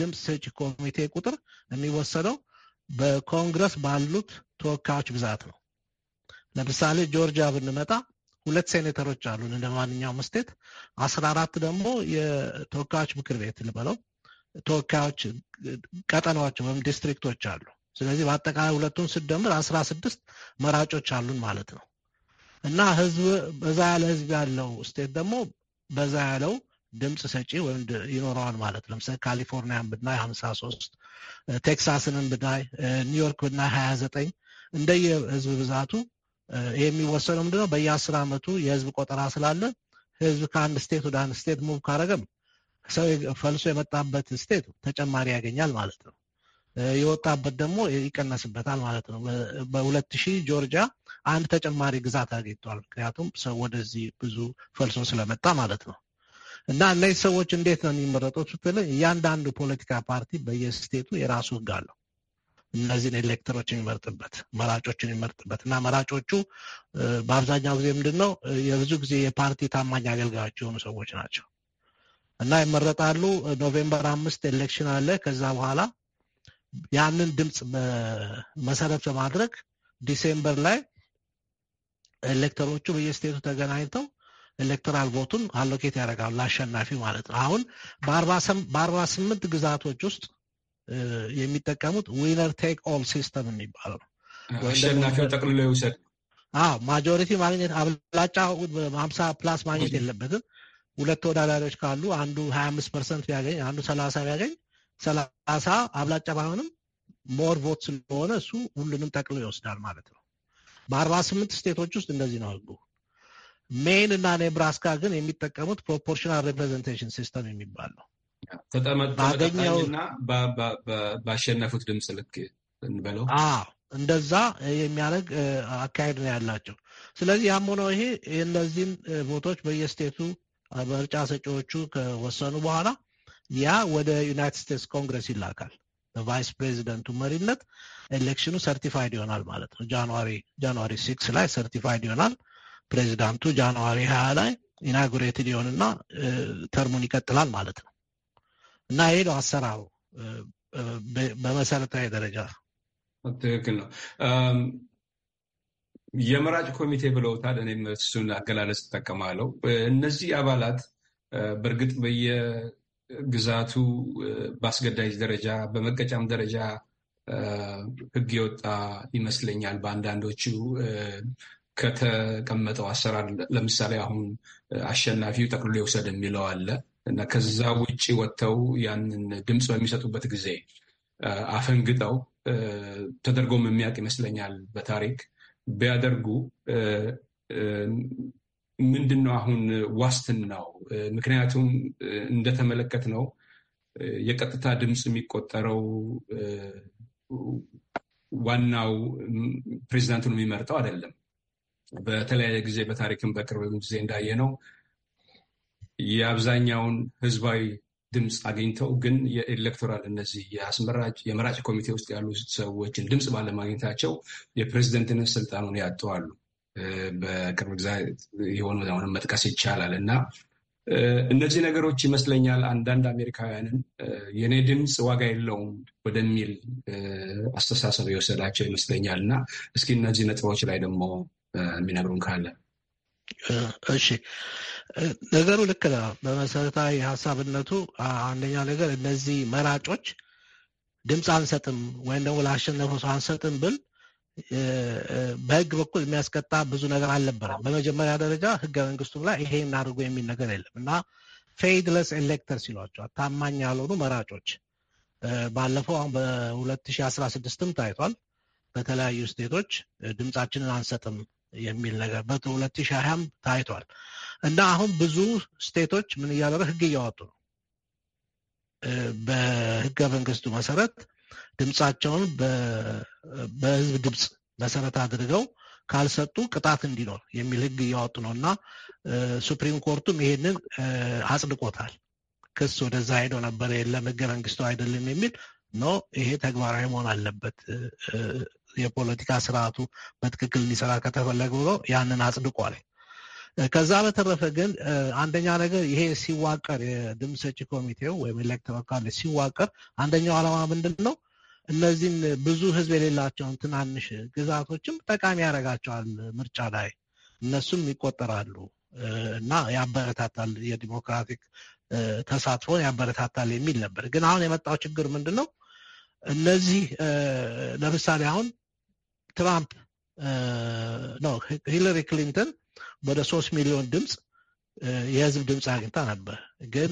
ድምፅ ሰጪ ኮሚቴ ቁጥር የሚወሰነው በኮንግረስ ባሉት ተወካዮች ብዛት ነው። ለምሳሌ ጆርጂያ ብንመጣ ሁለት ሴኔተሮች አሉን እንደ ማንኛውም ስቴት። አስራ አራት ደግሞ የተወካዮች ምክር ቤት ልበለው ተወካዮች ቀጠናዎች ወይም ዲስትሪክቶች አሉ። ስለዚህ በአጠቃላይ ሁለቱን ስደምር አስራ ስድስት መራጮች አሉን ማለት ነው እና ህዝብ በዛ ያለ ህዝብ ያለው ስቴት ደግሞ በዛ ያለው ድምፅ ሰጪ ወይም ይኖረዋል ማለት ለምሳሌ ካሊፎርኒያን ብናይ ሀምሳ ሶስት ቴክሳስንን ብናይ ኒውዮርክ ብናይ ሀያ ዘጠኝ እንደየህዝብ ብዛቱ ይህ የሚወሰነው ምንድነው በየአስር ዓመቱ የህዝብ ቆጠራ ስላለ ህዝብ ከአንድ ስቴት ወደ አንድ ስቴት ሙቭ ካረገም ሰው ፈልሶ የመጣበት ስቴት ተጨማሪ ያገኛል ማለት ነው። የወጣበት ደግሞ ይቀነስበታል ማለት ነው። በሁለት ሺህ ጆርጂያ አንድ ተጨማሪ ግዛት አግኝቷል። ምክንያቱም ሰው ወደዚህ ብዙ ፈልሶ ስለመጣ ማለት ነው። እና እነዚህ ሰዎች እንዴት ነው የሚመረጡት ስትል እያንዳንዱ ፖለቲካ ፓርቲ በየስቴቱ የራሱ ህግ አለው። እነዚህን ኤሌክተሮች የሚመርጥበት መራጮችን የሚመርጥበት እና መራጮቹ በአብዛኛው ጊዜ ምንድን ነው የብዙ ጊዜ የፓርቲ ታማኝ አገልጋዮች የሆኑ ሰዎች ናቸው እና ይመረጣሉ። ኖቬምበር አምስት ኤሌክሽን አለ። ከዛ በኋላ ያንን ድምፅ መሰረት በማድረግ ዲሴምበር ላይ ኤሌክተሮቹ በየስቴቱ ተገናኝተው ኤሌክቶራል ቦቱን አሎኬት ያደርጋሉ ለአሸናፊ ማለት ነው። አሁን በአርባ ስምንት ግዛቶች ውስጥ የሚጠቀሙት ዊነር ቴክ ኦል ሲስተም የሚባለው አሸናፊው ጠቅልሎ ይውሰድ። አዎ ማጆሪቲ ማግኘት አብላጫ ሀምሳ ፕላስ ማግኘት የለበትም። ሁለት ተወዳዳሪዎች ካሉ አንዱ ሀያ አምስት ፐርሰንት ቢያገኝ አንዱ ሰላሳ ቢያገኝ ሰላሳ አብላጫ ባይሆንም ሞር ቮት ስለሆነ እሱ ሁሉንም ጠቅሎ ይወስዳል ማለት ነው። በአርባ ስምንት ስቴቶች ውስጥ እንደዚህ ነው ህጉ። ሜይን እና ኔብራስካ ግን የሚጠቀሙት ፕሮፖርሽናል ሪፕሬዘንቴሽን ሲስተም የሚባል ነው። ተጠመጠመጠጣኝና ባሸነፉት ድምፅ ልክ እንበለው እንደዛ የሚያደርግ አካሄድ ነው ያላቸው። ስለዚህ ያም ሆነው ይሄ እነዚህን ቦቶች በየስቴቱ ምርጫ ሰጪዎቹ ከወሰኑ በኋላ ያ ወደ ዩናይትድ ስቴትስ ኮንግረስ ይላካል። በቫይስ ፕሬዚደንቱ መሪነት ኤሌክሽኑ ሰርቲፋይድ ይሆናል ማለት ነው። ጃንዋሪ ሲክስ ላይ ሰርቲፋይድ ይሆናል። ፕሬዚዳንቱ ጃንዋሪ ሀያ ላይ ኢናጉሬትድ ይሆንና ተርሙን ይቀጥላል ማለት ነው። እና ይሄ ነው አሰራሩ በመሰረታዊ ደረጃ ትክክል ነው። የመራጭ ኮሚቴ ብለውታል። እኔም እሱን አገላለጽ እጠቀማለሁ። እነዚህ አባላት በእርግጥ በየግዛቱ በአስገዳጅ ደረጃ በመቀጫም ደረጃ ሕግ የወጣ ይመስለኛል። በአንዳንዶቹ ከተቀመጠው አሰራር ለምሳሌ አሁን አሸናፊው ጠቅልሎ ይውሰድ የሚለው አለ። እና ከዛ ውጭ ወጥተው ያንን ድምፅ በሚሰጡበት ጊዜ አፈንግጠው ተደርጎም የሚያውቅ ይመስለኛል በታሪክ ቢያደርጉ ምንድን ነው አሁን ዋስትናው? ምክንያቱም እንደተመለከት ነው የቀጥታ ድምፅ የሚቆጠረው ዋናው ፕሬዚዳንቱን የሚመርጠው አይደለም። በተለያየ ጊዜ በታሪክም በቅርብ ጊዜ እንዳየ ነው የአብዛኛውን ህዝባዊ ድምፅ አግኝተው ግን የኤሌክቶራል እነዚህ የአስመራጭ የመራጭ ኮሚቴ ውስጥ ያሉ ሰዎችን ድምፅ ባለማግኘታቸው የፕሬዚደንትነት ስልጣኑን ያጠዋሉ። በቅርብ ጊዜ የሆኑ አሁንም መጥቀስ ይቻላል እና እነዚህ ነገሮች ይመስለኛል አንዳንድ አሜሪካውያንን የእኔ ድምፅ ዋጋ የለውም ወደሚል አስተሳሰብ የወሰዳቸው ይመስለኛል እና እስኪ እነዚህ ነጥቦች ላይ ደግሞ የሚነግሩን ካለ እሺ። ነገሩ ልክ ነው። በመሰረታዊ ሀሳብነቱ አንደኛ ነገር እነዚህ መራጮች ድምፅ አንሰጥም ወይም ደግሞ ላሸነፈ ሰው አንሰጥም ብል በህግ በኩል የሚያስቀጣ ብዙ ነገር አልነበረም። በመጀመሪያ ደረጃ ህገ መንግስቱም ላይ ይሄ እናድርጎ የሚል ነገር የለም እና ፌድለስ ኤሌክተር ሲሏቸዋል ታማኝ ያልሆኑ መራጮች። ባለፈው አሁን በ አስራ ስድስትም ታይቷል በተለያዩ ስቴቶች ድምፃችንን አንሰጥም የሚል ነገር በሁለት 2020 ሀያም ታይቷል እና አሁን ብዙ ስቴቶች ምን እያደረ ህግ እያወጡ ነው። በህገ መንግስቱ መሰረት ድምፃቸውን በህዝብ ድምፅ መሰረት አድርገው ካልሰጡ ቅጣት እንዲኖር የሚል ህግ እያወጡ ነው እና ሱፕሪም ኮርቱም ይሄንን አጽድቆታል። ክስ ወደዛ ሄዶ ነበር። የለም ህገ መንግስቱ አይደለም የሚል ኖ፣ ይሄ ተግባራዊ መሆን አለበት የፖለቲካ ስርዓቱ በትክክል እንዲሰራ ከተፈለገ ብሎ ያንን አጽድቋል። ከዛ በተረፈ ግን አንደኛ ነገር ይሄ ሲዋቀር የድምፅ ሰጪ ኮሚቴው ወይም ኤሌክቶራል ካሌጅ ሲዋቀር አንደኛው ዓላማ ምንድን ነው? እነዚህን ብዙ ህዝብ የሌላቸውን ትናንሽ ግዛቶችም ጠቃሚ ያደርጋቸዋል ምርጫ ላይ እነሱም ይቆጠራሉ እና ያበረታታል፣ የዲሞክራቲክ ተሳትፎን ያበረታታል የሚል ነበር። ግን አሁን የመጣው ችግር ምንድን ነው? እነዚህ ለምሳሌ አሁን ትራምፕ ነው ሂለሪ ክሊንተን ወደ ሶስት ሚሊዮን ድምፅ የህዝብ ድምፅ አግኝታ ነበር፣ ግን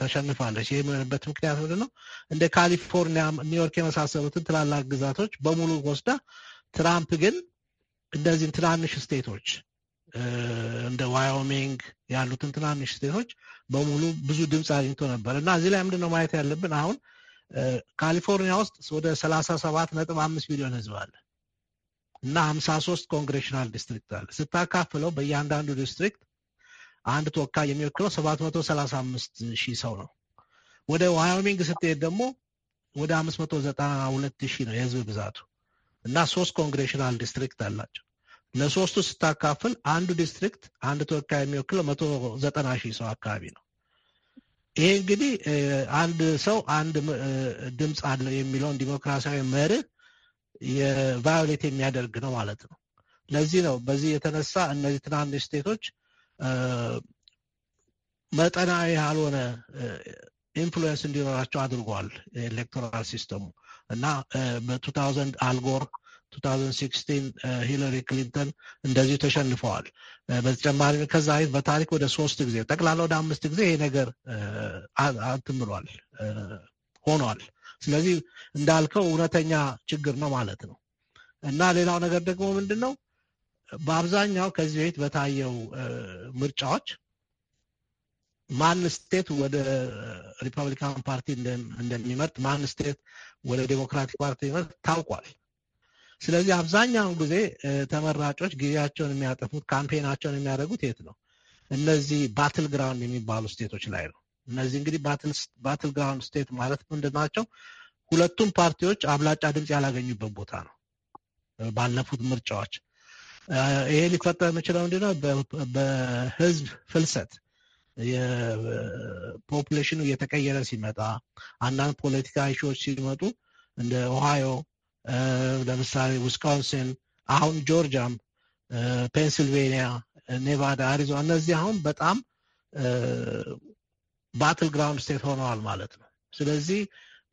ተሸንፋለች። ይህ የሆነበት ምክንያት ምንድን ነው? እንደ ካሊፎርኒያ፣ ኒውዮርክ የመሳሰሉትን ትላላቅ ግዛቶች በሙሉ ወስዳ ትራምፕ ግን እነዚህን ትናንሽ ስቴቶች እንደ ዋዮሚንግ ያሉትን ትናንሽ ስቴቶች በሙሉ ብዙ ድምፅ አግኝቶ ነበር እና እዚህ ላይ ምንድነው ማየት ያለብን አሁን ካሊፎርኒያ ውስጥ ወደ ሰላሳ ሰባት ነጥብ አምስት ሚሊዮን ህዝብ አለ። እና 53 ኮንግሬሽናል ዲስትሪክት አለ። ስታካፍለው በእያንዳንዱ ዲስትሪክት አንድ ተወካይ የሚወክለው 735 ሺህ ሰው ነው። ወደ ዋዮሚንግ ስትሄድ ደግሞ ወደ 592 ሺህ ነው የህዝብ ብዛቱ እና ሶስት ኮንግሬሽናል ዲስትሪክት አላቸው። ለሶስቱ ስታካፍል አንዱ ዲስትሪክት አንድ ተወካይ የሚወክለው 190 ሺህ ሰው አካባቢ ነው። ይሄ እንግዲህ አንድ ሰው አንድ ድምፅ አለው የሚለውን ዲሞክራሲያዊ መርህ የቫዮሌት የሚያደርግ ነው ማለት ነው። ለዚህ ነው በዚህ የተነሳ እነዚህ ትናንሽ ስቴቶች መጠናዊ ያልሆነ ኢንፍሉዌንስ እንዲኖራቸው አድርጓል ኤሌክቶራል ሲስተሙ እና በ2000 አልጎር 2016 ሂለሪ ክሊንተን እንደዚሁ ተሸንፈዋል። በተጨማሪ ከዛ በፊት በታሪክ ወደ ሶስት ጊዜ ጠቅላላ ወደ አምስት ጊዜ ይሄ ነገር አትምሏል ሆኗል። ስለዚህ እንዳልከው እውነተኛ ችግር ነው ማለት ነው። እና ሌላው ነገር ደግሞ ምንድን ነው በአብዛኛው ከዚህ በፊት በታየው ምርጫዎች ማን ስቴት ወደ ሪፐብሊካን ፓርቲ እንደሚመርጥ ማን ስቴት ወደ ዴሞክራቲክ ፓርቲ ይመርጥ ታውቋል። ስለዚህ አብዛኛውን ጊዜ ተመራጮች ጊዜያቸውን የሚያጠፉት ካምፔናቸውን የሚያደርጉት የት ነው? እነዚህ ባትል ግራውንድ የሚባሉ ስቴቶች ላይ ነው። እነዚህ እንግዲህ ባትል ግራውንድ ስቴት ማለት ምንድን ናቸው? ሁለቱም ፓርቲዎች አብላጫ ድምፅ ያላገኙበት ቦታ ነው ባለፉት ምርጫዎች። ይሄ ሊፈጠር የሚችለው ምንድን ነው? በህዝብ ፍልሰት የፖፑሌሽኑ እየተቀየረ ሲመጣ አንዳንድ ፖለቲካ ኢሹዎች ሲመጡ እንደ ኦሃዮ ለምሳሌ ዊስኮንሲን፣ አሁን ጆርጂያም፣ ፔንሲልቬኒያ፣ ኔቫዳ፣ አሪዞና እነዚህ አሁን በጣም ባትል ግራውንድ ስቴት ሆነዋል ማለት ነው። ስለዚህ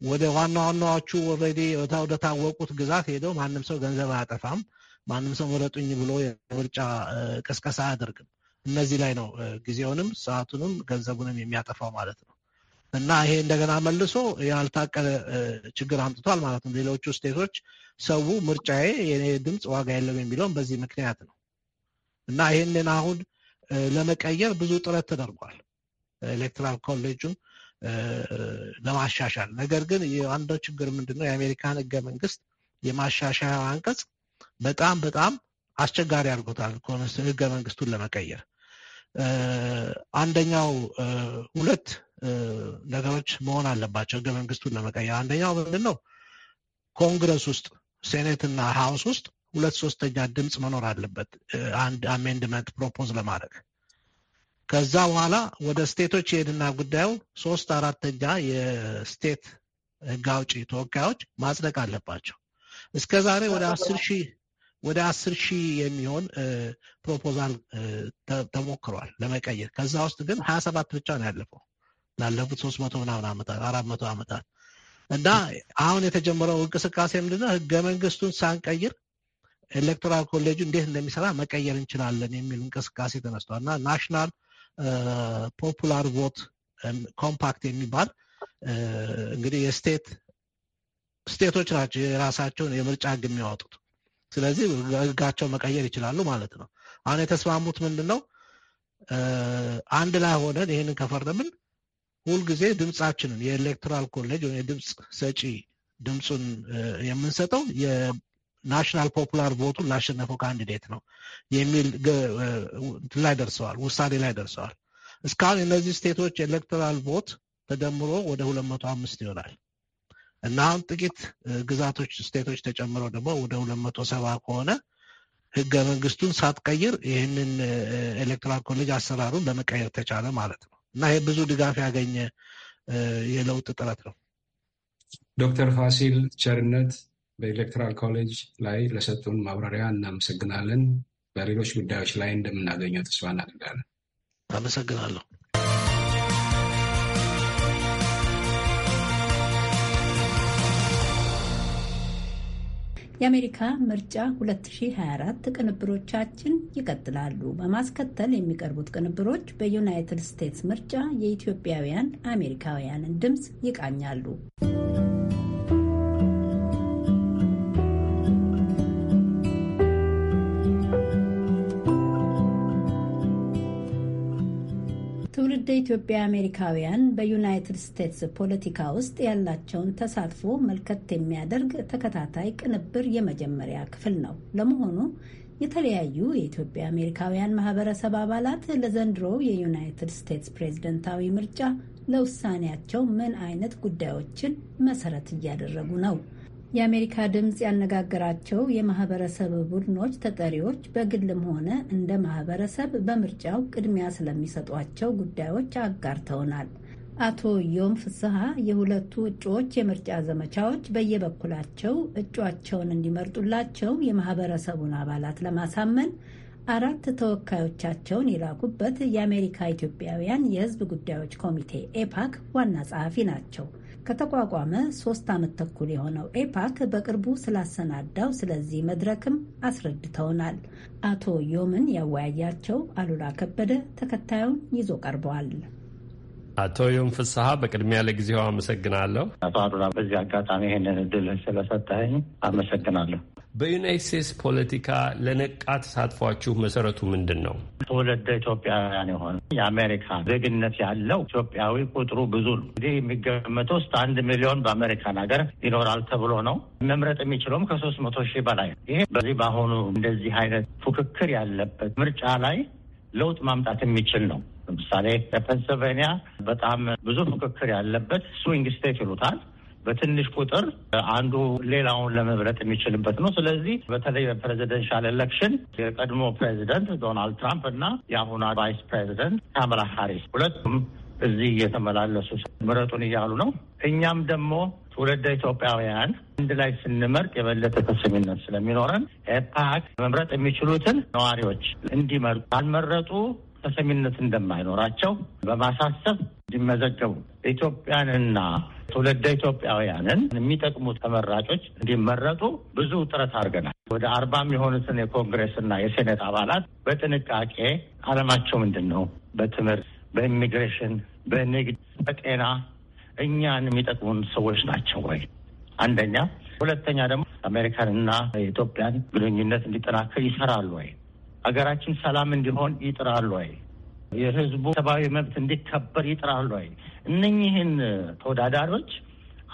ወደ ዋና ዋናዎቹ ኦልሬዲ ወደ ታወቁት ግዛት ሄደው ማንም ሰው ገንዘብ አያጠፋም። ማንም ሰው ምረጡኝ ብሎ የምርጫ ቅስቀሳ አያደርግም። እነዚህ ላይ ነው ጊዜውንም ሰዓቱንም ገንዘቡንም የሚያጠፋው ማለት ነው። እና ይሄ እንደገና መልሶ ያልታቀደ ችግር አምጥቷል ማለት ነው። ሌሎቹ ስቴቶች ሰው ምርጫዬ የኔ ድምፅ ዋጋ የለም የሚለውም በዚህ ምክንያት ነው። እና ይህንን አሁን ለመቀየር ብዙ ጥረት ተደርጓል። ኤሌክትራል ኮሌጁን ለማሻሻል ነገር ግን የዋናው ችግር ምንድነው የአሜሪካን ህገ መንግስት የማሻሻያ አንቀጽ በጣም በጣም አስቸጋሪ አድርጎታል ህገ መንግስቱን ለመቀየር። አንደኛው ሁለት ነገሮች መሆን አለባቸው ህገ መንግስቱን ለመቀየር። አንደኛው ምንድን ነው? ኮንግረስ ውስጥ ሴኔትና ሀውስ ውስጥ ሁለት ሶስተኛ ድምፅ መኖር አለበት አንድ አሜንድመንት ፕሮፖዝ ለማድረግ ከዛ በኋላ ወደ ስቴቶች ይሄድና ጉዳዩ ሶስት አራተኛ የስቴት ህግ አውጪ ተወካዮች ማጽደቅ አለባቸው። እስከ ዛሬ ወደ አስር ሺህ ወደ አስር ሺህ የሚሆን ፕሮፖዛል ተሞክሯል ለመቀየር። ከዛ ውስጥ ግን ሀያ ሰባት ብቻ ነው ያለፈው ላለፉት ሶስት መቶ ምናምን ዓመታት አራት መቶ ዓመታት እና አሁን የተጀመረው እንቅስቃሴ ምንድነው? ህገ መንግስቱን ሳንቀይር ኤሌክቶራል ኮሌጁ እንዴት እንደሚሰራ መቀየር እንችላለን የሚል እንቅስቃሴ ተነስቷል እና ናሽናል ፖፑላር ቮት ኮምፓክት የሚባል እንግዲህ የስቴት ስቴቶች ናቸው የራሳቸውን የምርጫ ህግ የሚያወጡት። ስለዚህ ህጋቸው መቀየር ይችላሉ ማለት ነው። አሁን የተስማሙት ምንድን ነው? አንድ ላይ ሆነን ይህንን ከፈረምን ሁልጊዜ ድምፃችንን የኤሌክቶራል ኮሌጅ ወይም የድምፅ ሰጪ ድምፁን የምንሰጠው ናሽናል ፖፑላር ቮቱ ላሸነፈው ካንዲዴት ነው የሚል ላይ ደርሰዋል፣ ውሳኔ ላይ ደርሰዋል። እስካሁን እነዚህ ስቴቶች ኤሌክቶራል ቮት ተደምሮ ወደ ሁለት መቶ አምስት ይሆናል እና አሁን ጥቂት ግዛቶች ስቴቶች ተጨምረው ደግሞ ወደ ሁለት መቶ ሰባ ከሆነ ህገ መንግስቱን ሳትቀይር ይህንን ኤሌክቶራል ኮሌጅ አሰራሩን ለመቀየር ተቻለ ማለት ነው እና ይህ ብዙ ድጋፍ ያገኘ የለውጥ ጥረት ነው። ዶክተር ፋሲል ቸርነት በኤሌክትራል ኮሌጅ ላይ ለሰጡን ማብራሪያ እናመሰግናለን። በሌሎች ጉዳዮች ላይ እንደምናገኘው ተስፋ እናደርጋለን። አመሰግናለሁ። የአሜሪካ ምርጫ 2024 ቅንብሮቻችን ይቀጥላሉ። በማስከተል የሚቀርቡት ቅንብሮች በዩናይትድ ስቴትስ ምርጫ የኢትዮጵያውያን አሜሪካውያንን ድምፅ ይቃኛሉ። ትውልደ ኢትዮጵያ አሜሪካውያን በዩናይትድ ስቴትስ ፖለቲካ ውስጥ ያላቸውን ተሳትፎ መልከት የሚያደርግ ተከታታይ ቅንብር የመጀመሪያ ክፍል ነው። ለመሆኑ የተለያዩ የኢትዮጵያ አሜሪካውያን ማህበረሰብ አባላት ለዘንድሮ የዩናይትድ ስቴትስ ፕሬዝደንታዊ ምርጫ ለውሳኔያቸው ምን አይነት ጉዳዮችን መሰረት እያደረጉ ነው? የአሜሪካ ድምፅ ያነጋገራቸው የማህበረሰብ ቡድኖች ተጠሪዎች በግልም ሆነ እንደ ማህበረሰብ በምርጫው ቅድሚያ ስለሚሰጧቸው ጉዳዮች አጋርተውናል። አቶ ዮም ፍስሀ የሁለቱ እጩዎች የምርጫ ዘመቻዎች በየበኩላቸው እጩአቸውን እንዲመርጡላቸው የማህበረሰቡን አባላት ለማሳመን አራት ተወካዮቻቸውን የላኩበት የአሜሪካ ኢትዮጵያውያን የሕዝብ ጉዳዮች ኮሚቴ ኤፓክ ዋና ጸሐፊ ናቸው። ከተቋቋመ ሶስት ዓመት ተኩል የሆነው ኤፓክ በቅርቡ ስላሰናዳው ስለዚህ መድረክም አስረድተውናል። አቶ ዮምን ያወያያቸው አሉላ ከበደ ተከታዩን ይዞ ቀርበዋል። አቶ ዮም ፍስሀ በቅድሚያ ለጊዜው አመሰግናለሁ። አቶ አሉላ፣ በዚህ አጋጣሚ ይህንን እድል ስለሰጠኝ አመሰግናለሁ። በዩናይት ስቴትስ ፖለቲካ ለነቃ ተሳትፏችሁ መሰረቱ ምንድን ነው? ትውልደ ኢትዮጵያውያን የሆነ የአሜሪካ ዜግነት ያለው ኢትዮጵያዊ ቁጥሩ ብዙ ነው። እንግዲህ የሚገመተው ውስጥ አንድ ሚሊዮን በአሜሪካን ሀገር ይኖራል ተብሎ ነው። መምረጥ የሚችለውም ከሶስት መቶ ሺህ በላይ ይሄ በዚህ በአሁኑ እንደዚህ አይነት ፉክክር ያለበት ምርጫ ላይ ለውጥ ማምጣት የሚችል ነው። ለምሳሌ ፐንስልቬኒያ በጣም ብዙ ፉክክር ያለበት ስዊንግ ስቴት ይሉታል። በትንሽ ቁጥር አንዱ ሌላውን ለመብለጥ የሚችልበት ነው። ስለዚህ በተለይ በፕሬዚደንሻል ኤሌክሽን የቀድሞ ፕሬዚደንት ዶናልድ ትራምፕ እና የአሁኗ ቫይስ ፕሬዚደንት ካማላ ሃሪስ ሁለቱም እዚህ እየተመላለሱ ምረጡን እያሉ ነው። እኛም ደግሞ ትውልደ ኢትዮጵያውያን አንድ ላይ ስንመርጥ የበለጠ ተሰሚነት ስለሚኖረን ኤፓክ መምረጥ የሚችሉትን ነዋሪዎች እንዲመርጡ ካልመረጡ ተሰሚነት እንደማይኖራቸው በማሳሰብ እንዲመዘገቡ ኢትዮጵያንና ትውልደ ኢትዮጵያውያንን የሚጠቅሙ ተመራጮች እንዲመረጡ ብዙ ጥረት አድርገናል። ወደ አርባም የሆኑትን የኮንግሬስና የሴኔት አባላት በጥንቃቄ አለማቸው ምንድን ነው? በትምህርት፣ በኢሚግሬሽን፣ በንግድ፣ በጤና እኛን የሚጠቅሙን ሰዎች ናቸው ወይ? አንደኛ። ሁለተኛ ደግሞ አሜሪካንና የኢትዮጵያን ግንኙነት እንዲጠናከር ይሰራሉ ወይ? አገራችን ሰላም እንዲሆን ይጥራሉ ወይ? የህዝቡ ሰብአዊ መብት እንዲከበር ይጥራሉ ወይ? እነኚህን ተወዳዳሪዎች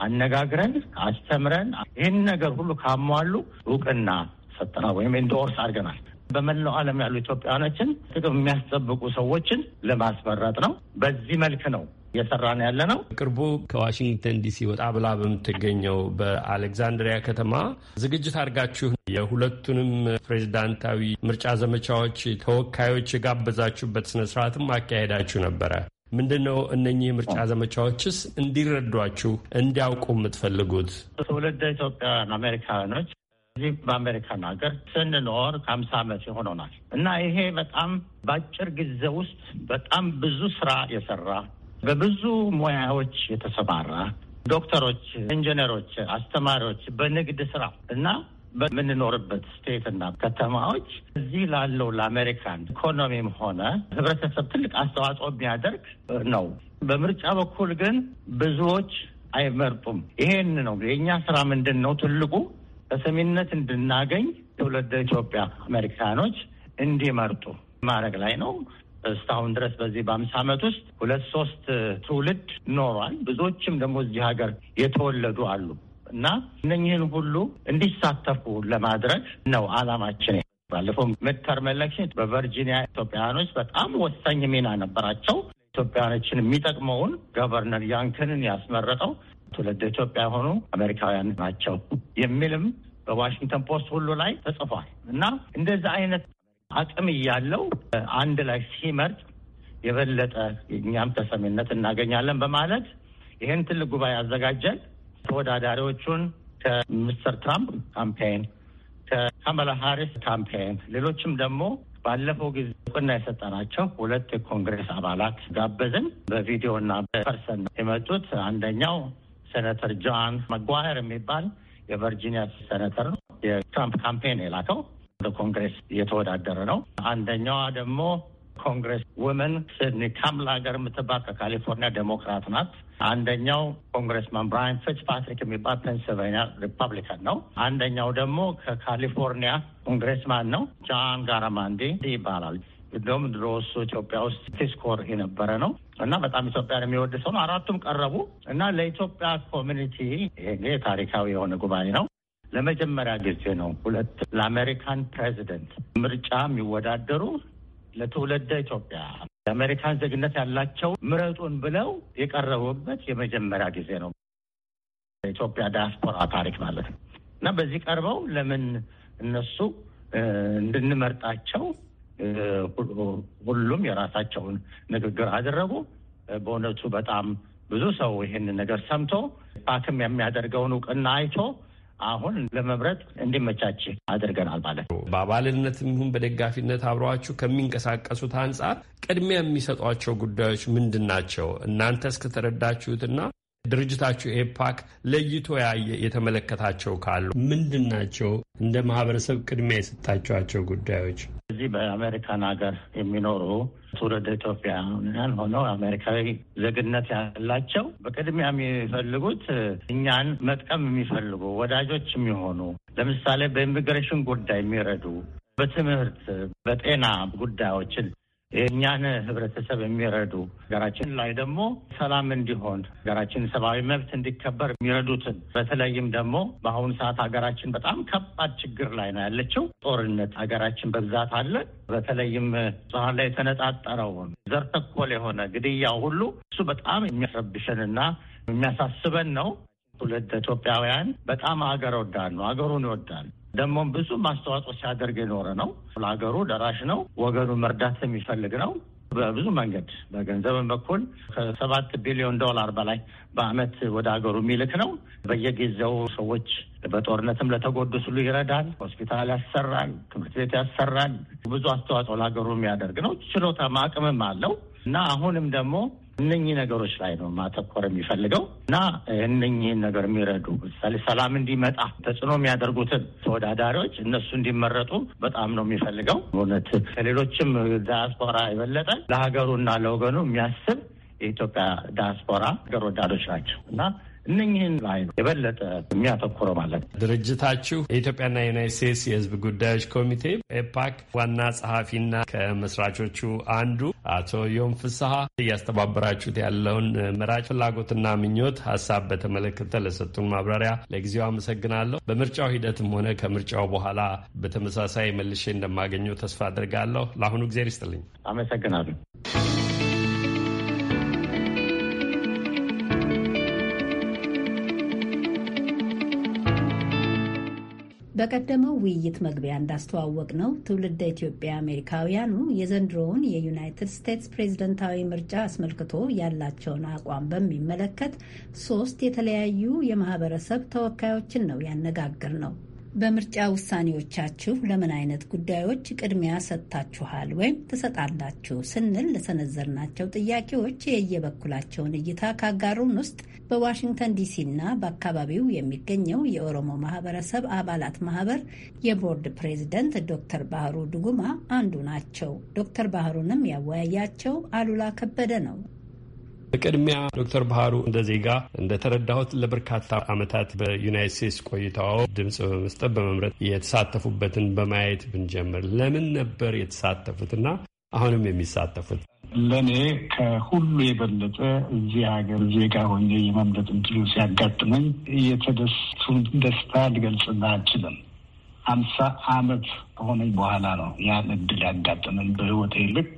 አነጋግረን አስተምረን ይህን ነገር ሁሉ ካሟሉ እውቅና ሰጠና ወይም ኢንዶርስ አድርገናል። በመላው ዓለም ያሉ ኢትዮጵያውያኖችን ጥቅም የሚያስጠብቁ ሰዎችን ለማስመረጥ ነው። በዚህ መልክ ነው ነው ያለ ነው። ቅርቡ ከዋሽንግተን ዲሲ ወጣ ብላ በምትገኘው በአሌክዛንድሪያ ከተማ ዝግጅት አድርጋችሁ የሁለቱንም ፕሬዚዳንታዊ ምርጫ ዘመቻዎች ተወካዮች የጋበዛችሁበት ስነስርዓትም አካሄዳችሁ ነበረ። ምንድን ነው እነኚህ የምርጫ ዘመቻዎችስ እንዲረዷችሁ እንዲያውቁ የምትፈልጉት? ትውልደ ኢትዮጵያውያን አሜሪካውያኖች እዚህ በአሜሪካን ሀገር ስንኖር ከሀምሳ ዓመት የሆነናል እና ይሄ በጣም በአጭር ጊዜ ውስጥ በጣም ብዙ ስራ የሰራ በብዙ ሙያዎች የተሰማራ ዶክተሮች፣ ኢንጂነሮች፣ አስተማሪዎች በንግድ ስራ እና በምንኖርበት ስቴትና ከተማዎች እዚህ ላለው ለአሜሪካን ኢኮኖሚም ሆነ ህብረተሰብ ትልቅ አስተዋጽኦ የሚያደርግ ነው። በምርጫ በኩል ግን ብዙዎች አይመርጡም። ይሄን ነው የእኛ ስራ ምንድን ነው ትልቁ በሰሚነት እንድናገኝ ትውልደ ኢትዮጵያ አሜሪካኖች እንዲመርጡ ማድረግ ላይ ነው። እስካሁን ድረስ በዚህ በአምስት ዓመት ውስጥ ሁለት ሶስት ትውልድ ኖሯል። ብዙዎችም ደግሞ እዚህ ሀገር የተወለዱ አሉ እና እነኝህን ሁሉ እንዲሳተፉ ለማድረግ ነው አላማችን። ባለፈው ምድተርም ኤሌክሽን በቨርጂኒያ ኢትዮጵያውያኖች በጣም ወሳኝ ሚና ነበራቸው። ኢትዮጵያውያኖችን የሚጠቅመውን ገቨርነር ያንክንን ያስመረጠው ትውልድ ኢትዮጵያ የሆኑ አሜሪካውያን ናቸው የሚልም በዋሽንግተን ፖስት ሁሉ ላይ ተጽፏል እና እንደዚህ አይነት አቅም እያለው አንድ ላይ ሲመርጥ የበለጠ እኛም ተሰሚነት እናገኛለን በማለት ይህን ትልቅ ጉባኤ አዘጋጀን። ተወዳዳሪዎቹን ከሚስተር ትራምፕ ካምፔን፣ ከካመላ ሃሪስ ካምፔን ሌሎችም ደግሞ ባለፈው ጊዜ እውቅና የሰጠናቸው ሁለት የኮንግሬስ አባላት ጋበዝን። በቪዲዮ እና በፐርሰን የመጡት አንደኛው ሴነተር ጆን መጓሄር የሚባል የቨርጂኒያ ሴነተር ነው። የትራምፕ ካምፔን የላከው ለኮንግሬስ እየተወዳደረ ነው። አንደኛዋ ደግሞ ኮንግሬስ ውመን ሲድኒ ካምላ ሀገር የምትባል ከካሊፎርኒያ ዴሞክራት ናት። አንደኛው ኮንግረስማን ብራያን ፊትዝ ፓትሪክ የሚባል ፔንስልቬኒያ ሪፐብሊካን ነው። አንደኛው ደግሞ ከካሊፎርኒያ ኮንግረስማን ነው፣ ጃን ጋራማንዲ ይባላል። እንደውም ድሮ እሱ ኢትዮጵያ ውስጥ ቲስኮር የነበረ ነው እና በጣም ኢትዮጵያን የሚወድ ሰው ነው። አራቱም ቀረቡ እና ለኢትዮጵያ ኮሚኒቲ ይሄ ታሪካዊ የሆነ ጉባኤ ነው። ለመጀመሪያ ጊዜ ነው ሁለት ለአሜሪካን ፕሬዚደንት ምርጫ የሚወዳደሩ ለትውልደ ኢትዮጵያ የአሜሪካን ዜግነት ያላቸው ምረጡን ብለው የቀረቡበት የመጀመሪያ ጊዜ ነው። የኢትዮጵያ ዲያስፖራ ታሪክ ማለት ነው እና በዚህ ቀርበው ለምን እነሱ እንድንመርጣቸው ሁሉም የራሳቸውን ንግግር አደረጉ። በእውነቱ በጣም ብዙ ሰው ይህን ነገር ሰምቶ ፓክም የሚያደርገውን እውቅና አይቶ አሁን ለመምረጥ እንዲመቻች አድርገናል ማለት ነው። በአባልነትም ይሁን በደጋፊነት አብረዋችሁ ከሚንቀሳቀሱት አንጻር ቅድሚያ የሚሰጧቸው ጉዳዮች ምንድን ናቸው? እናንተ እስከተረዳችሁትና ድርጅታችሁ ኤፓክ ለይቶ ያየ የተመለከታቸው ካሉ ምንድን ናቸው? እንደ ማህበረሰብ ቅድሚያ የሰጣችኋቸው ጉዳዮች እዚህ በአሜሪካን ሀገር የሚኖሩ ትውልድ ኢትዮጵያውያን ሆነው አሜሪካዊ ዜግነት ያላቸው በቅድሚያ የሚፈልጉት እኛን መጥቀም የሚፈልጉ ወዳጆች የሚሆኑ ለምሳሌ በኢሚግሬሽን ጉዳይ የሚረዱ በትምህርት፣ በጤና ጉዳዮችን የእኛን ህብረተሰብ የሚረዱ ሀገራችን ላይ ደግሞ ሰላም እንዲሆን ሀገራችን ሰብአዊ መብት እንዲከበር የሚረዱትን በተለይም ደግሞ በአሁኑ ሰዓት ሀገራችን በጣም ከባድ ችግር ላይ ነው ያለችው። ጦርነት ሀገራችን በብዛት አለ። በተለይም ጽሀን ላይ የተነጣጠረውን ዘር ተኮር የሆነ ግድያ ሁሉ እሱ በጣም የሚያስረብሸንና የሚያሳስበን ነው። ሁለት ኢትዮጵያውያን በጣም ሀገር ወዳድ ነው። ሀገሩን ይወዳል። ደግሞም ብዙ ማስተዋጽኦ ሲያደርግ የኖረ ነው። ለሀገሩ ደራሽ ነው። ወገኑ መርዳት የሚፈልግ ነው። በብዙ መንገድ በገንዘብ በኩል ከሰባት ቢሊዮን ዶላር በላይ በአመት ወደ ሀገሩ የሚልክ ነው። በየጊዜው ሰዎች በጦርነትም ለተጎዱ ስሉ ይረዳል። ሆስፒታል ያሰራል፣ ትምህርት ቤት ያሰራል። ብዙ አስተዋጽኦ ለሀገሩ የሚያደርግ ነው። ችሎታ አቅምም አለው እና አሁንም ደግሞ እነኚህ ነገሮች ላይ ነው ማተኮር የሚፈልገው እና እነኚህን ነገር የሚረዱ ምሳሌ ሰላም እንዲመጣ ተጽዕኖ የሚያደርጉትን ተወዳዳሪዎች እነሱ እንዲመረጡ በጣም ነው የሚፈልገው። እውነት ከሌሎችም ዳያስፖራ የበለጠ እና ለወገኑ የሚያስብ የኢትዮጵያ ዲያስፖራ ሀገር ወዳዶች ናቸው እና እነኝህን ላይ ነው የበለጠ የሚያተኩረው ማለት ነው። ድርጅታችሁ የኢትዮጵያና የዩናይት ስቴትስ የሕዝብ ጉዳዮች ኮሚቴ ኤፓክ ዋና ጸሐፊና ከመስራቾቹ አንዱ አቶ ዮም ፍስሐ እያስተባበራችሁት ያለውን መራጭ ፍላጎትና ምኞት ሀሳብ በተመለከተ ለሰጡን ማብራሪያ ለጊዜው አመሰግናለሁ። በምርጫው ሂደትም ሆነ ከምርጫው በኋላ በተመሳሳይ መልሼ እንደማገኘው ተስፋ አድርጋለሁ። ለአሁኑ ጊዜ ይስጥልኝ። አመሰግናለሁ። በቀደመው ውይይት መግቢያ እንዳስተዋወቅ ነው ትውልደ ኢትዮጵያ አሜሪካውያኑ የዘንድሮውን የዩናይትድ ስቴትስ ፕሬዝደንታዊ ምርጫ አስመልክቶ ያላቸውን አቋም በሚመለከት ሶስት የተለያዩ የማህበረሰብ ተወካዮችን ነው ያነጋግር ነው። በምርጫ ውሳኔዎቻችሁ ለምን አይነት ጉዳዮች ቅድሚያ ሰጥታችኋል ወይም ትሰጣላችሁ ስንል ለሰነዘርናቸው ጥያቄዎች የየበኩላቸውን እይታ ካጋሩን ውስጥ በዋሽንግተን ዲሲና በአካባቢው የሚገኘው የኦሮሞ ማህበረሰብ አባላት ማህበር የቦርድ ፕሬዝደንት ዶክተር ባህሩ ድጉማ አንዱ ናቸው። ዶክተር ባህሩንም ያወያያቸው አሉላ ከበደ ነው። በቅድሚያ ዶክተር ባህሩ እንደ ዜጋ እንደተረዳሁት ለበርካታ ዓመታት በዩናይት ስቴትስ ቆይታዎ ድምፅ በመስጠት በመምረጥ የተሳተፉበትን በማየት ብንጀምር ለምን ነበር የተሳተፉትና አሁንም የሚሳተፉት? ለእኔ ከሁሉ የበለጠ እዚህ ሀገር ዜጋ ሆኜ የመምረጥ እንትሉ ሲያጋጥመኝ የተደሱን ደስታ ልገልጽና አልችልም። አምሳ አመት ከሆነኝ በኋላ ነው ያን እድል ያጋጥመኝ በህይወቴ ልክ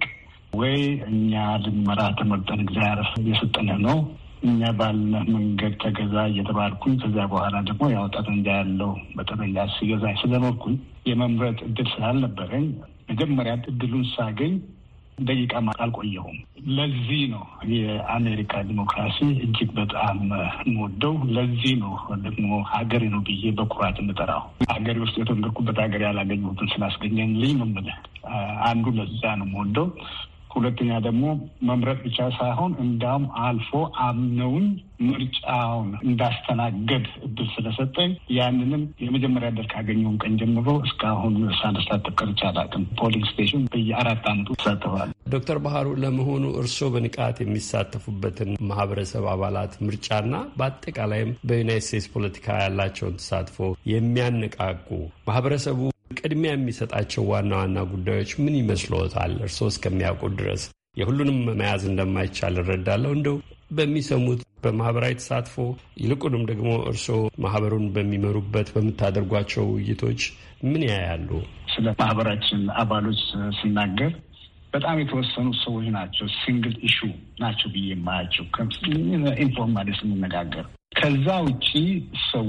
ወይ እኛ ልመራ ተመርጠን እግዚአብሔር እየሰጠነ ነው እኛ ባለ መንገድ ተገዛ እየተባልኩኝ ከዚያ በኋላ ደግሞ ያወጣት እንዲ ያለው በጠመንጃ ሲገዛ ስለመኩኝ የመምረጥ እድል ስላልነበረኝ መጀመሪያ እድሉን ሳገኝ ደቂቃ አልቆየሁም። ለዚህ ነው የአሜሪካ ዲሞክራሲ እጅግ በጣም የምወደው። ለዚህ ነው ደግሞ ሀገሬ ነው ብዬ በኩራት የምጠራው። ሀገሬ ውስጥ የተወለድኩበት ሀገር ያላገኘሁትን ስላስገኘልኝ ነው የምልህ። አንዱ ለዛ ነው የምወደው። ሁለተኛ ደግሞ መምረጥ ብቻ ሳይሆን እንዳውም አልፎ አምነውን ምርጫውን እንዳስተናገድ እድል ስለሰጠኝ ያንንም የመጀመሪያ ደር ካገኘውን ቀን ጀምሮ እስካሁን ሳነሳት ቀርቼ አላውቅም። ፖሊንግ ስቴሽን በየአራት ዓመቱ ተሳተፋል። ዶክተር ባህሩ ለመሆኑ እርስዎ በንቃት የሚሳተፉበትን ማህበረሰብ አባላት ምርጫና በአጠቃላይም በዩናይት ስቴትስ ፖለቲካ ያላቸውን ተሳትፎ የሚያነቃቁ ማህበረሰቡ ቅድሚያ የሚሰጣቸው ዋና ዋና ጉዳዮች ምን ይመስልዎታል? እርስዎ እስከሚያውቁት ድረስ የሁሉንም መያዝ እንደማይቻል እረዳለሁ። እንደው በሚሰሙት በማህበራዊ ተሳትፎ ይልቁንም ደግሞ እርስዎ ማህበሩን በሚመሩበት በምታደርጓቸው ውይይቶች ምን ያያሉ? ስለ ማህበራችን አባሎች ስናገር በጣም የተወሰኑ ሰዎች ናቸው። ሲንግል ኢሹ ናቸው ብዬ የማያቸው ኢንፎርማሊ ስንነጋገር ከዛ ውጪ ሰው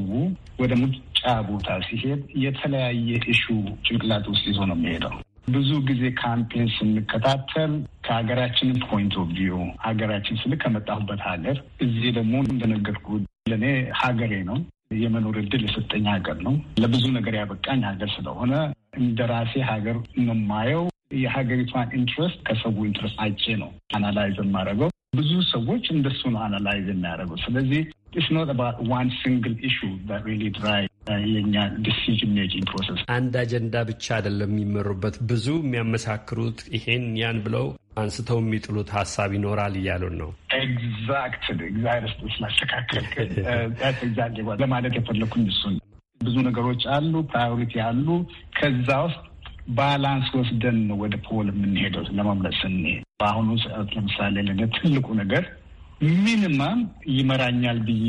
ወደ ምርጫ ቦታ ሲሄድ የተለያየ እሹ ጭንቅላት ውስጥ ይዞ ነው የሚሄደው። ብዙ ጊዜ ካምፔን ስንከታተል ከሀገራችን ፖይንት ኦፍ ቪው ሀገራችን ስል ከመጣሁበት ሀገር እዚህ ደግሞ እንደነገርኩ ለእኔ ሀገሬ ነው የመኖር እድል የሰጠኝ ሀገር ነው። ለብዙ ነገር ያበቃኝ ሀገር ስለሆነ እንደ ራሴ ሀገር ነው የማየው። የሀገሪቷን ኢንትረስት ከሰው ኢንትረስት አይቼ ነው አናላይዝ የማደርገው። ብዙ ሰዎች እንደሱን አናላይዝ የሚያደርጉት። ስለዚህ ኢትስ ኖት አባት ዋን ሲንግል ኢሹ ሪሊ ድራይ የኛ ዲሲዥን ሜኪንግ ፕሮሰስ። አንድ አጀንዳ ብቻ አይደለም የሚመሩበት። ብዙ የሚያመሳክሩት ይሄን ያን ብለው አንስተው የሚጥሉት ሀሳብ ይኖራል እያሉን ነው። ኤግዛክት ኤግዛክት ስላስተካከል ኤግዛክት ለማለት የፈለኩኝ እሱን ብዙ ነገሮች አሉ፣ ፕራዮሪቲ አሉ። ከዛ ውስጥ ባላንስ ወስደን ወደ ፖል የምንሄደው ለመምለስ ስንሄድ በአሁኑ ሰዓት ለምሳሌ ለእኔ ትልቁ ነገር ሚኒማም ይመራኛል ብዬ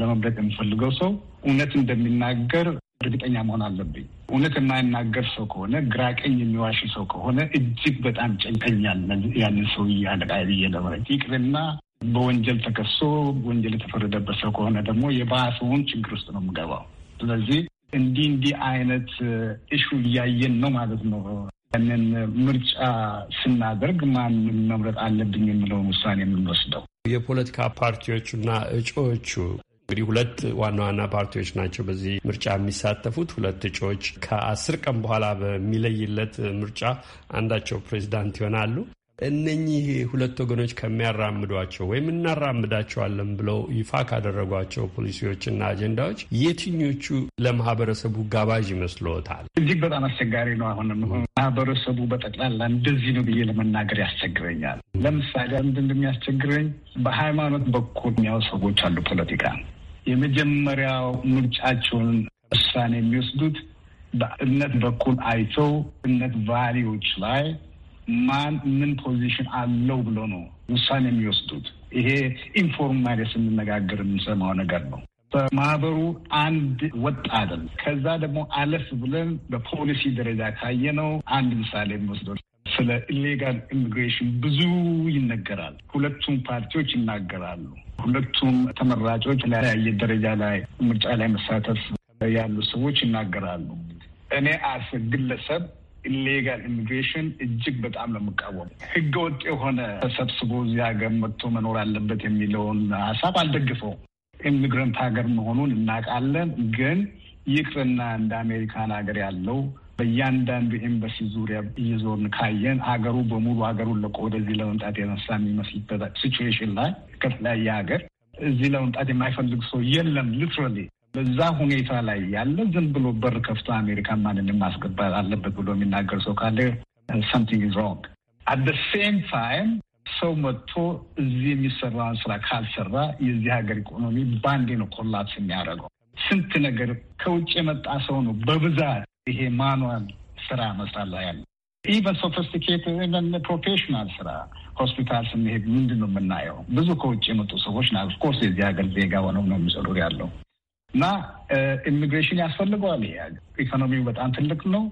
ለመምረጥ የምፈልገው ሰው እውነት እንደሚናገር እርግጠኛ መሆን አለብኝ። እውነት የማይናገር ሰው ከሆነ ግራ ቀኝ የሚዋሽ ሰው ከሆነ እጅግ በጣም ጨንቀኛል። ያንን ሰው አለቃዬ ብዬ ለመረጥ ይቅርና በወንጀል ተከሶ ወንጀል የተፈረደበት ሰው ከሆነ ደግሞ የባሰውን ችግር ውስጥ ነው የምገባው። ስለዚህ እንዲህ እንዲህ አይነት እሹ እያየን ነው ማለት ነው ያንን ምርጫ ስናደርግ ማንን መምረጥ አለብኝ የሚለውን ውሳኔ የምንወስደው የፖለቲካ ፓርቲዎቹና እጩዎቹ እንግዲህ ሁለት ዋና ዋና ፓርቲዎች ናቸው በዚህ ምርጫ የሚሳተፉት። ሁለት እጩዎች ከአስር ቀን በኋላ በሚለይለት ምርጫ አንዳቸው ፕሬዚዳንት ይሆናሉ። እነኚህ ሁለት ወገኖች ከሚያራምዷቸው ወይም እናራምዳቸዋለን ብለው ይፋ ካደረጓቸው ፖሊሲዎችና አጀንዳዎች የትኞቹ ለማህበረሰቡ ጋባዥ ይመስልዎታል? እጅግ በጣም አስቸጋሪ ነው። አሁንም ማህበረሰቡ በጠቅላላ እንደዚህ ነው ብዬ ለመናገር ያስቸግረኛል። ለምሳሌ አንድ እንደሚያስቸግረኝ በሃይማኖት በኩል የሚያው ሰዎች አሉ። ፖለቲካ የመጀመሪያው ምርጫቸውን ውሳኔ የሚወስዱት በእምነት በኩል አይተው እምነት ቫሊዎች ላይ ማን ምን ፖዚሽን አለው ብሎ ነው ውሳኔ የሚወስዱት። ይሄ ኢንፎርም ማለት ስንነጋገር የምንሰማው ነገር ነው። በማህበሩ አንድ ወጥ አይደለም። ከዛ ደግሞ አለፍ ብለን በፖሊሲ ደረጃ ነው አንድ ምሳሌ የሚወስደው ስለ ኢሌጋል ኢሚግሬሽን ብዙ ይነገራል። ሁለቱም ፓርቲዎች ይናገራሉ። ሁለቱም ተመራጮች ለተለያየ ደረጃ ላይ ምርጫ ላይ መሳተፍ ያሉ ሰዎች ይናገራሉ። እኔ አስ ግለሰብ ኢሌጋል ኢሚግሬሽን እጅግ በጣም ነው የምቃወሙ። ህገ ወጥ የሆነ ተሰብስቦ እዚህ ሀገር መጥቶ መኖር አለበት የሚለውን ሀሳብ አልደግፈውም። ኢሚግረንት ሀገር መሆኑን እናውቃለን። ግን ይቅርና እንደ አሜሪካን ሀገር ያለው በእያንዳንዱ ኤምባሲ ዙሪያ እየዞርን ካየን ሀገሩ በሙሉ ሀገሩን ለቆ ወደዚህ ለመምጣት የነሳ የሚመስልበት ሲቹዌሽን ላይ ከተለያየ ሀገር እዚህ ለመምጣት የማይፈልግ ሰው የለም ሊትራሊ በዛ ሁኔታ ላይ ያለ ዝም ብሎ በር ከፍቶ አሜሪካን ማንንም ማስገባት አለበት ብሎ የሚናገር ሰው ካለ ሰምቲንግ ኢዝ ሮንግ። አት ደ ሴም ታይም ሰው መጥቶ እዚህ የሚሰራውን ስራ ካልሰራ የዚህ ሀገር ኢኮኖሚ ባንዴ ነው ኮላፕስ የሚያደርገው። ስንት ነገር ከውጭ የመጣ ሰው ነው በብዛት ይሄ ማኑዋል ስራ መስራት ላይ ያለ ኢቨን ሶፊስቲኬት ፕሮፌሽናል ስራ ሆስፒታል ስንሄድ ምንድን ነው የምናየው? ብዙ ከውጭ የመጡ ሰዎች ና ኦፍኮርስ የዚህ ሀገር ዜጋ ሆነው ነው የሚሰሩ ያለው እና ኢሚግሬሽን ያስፈልገዋል። ይሄ ኢኮኖሚው በጣም ትልቅ ነው።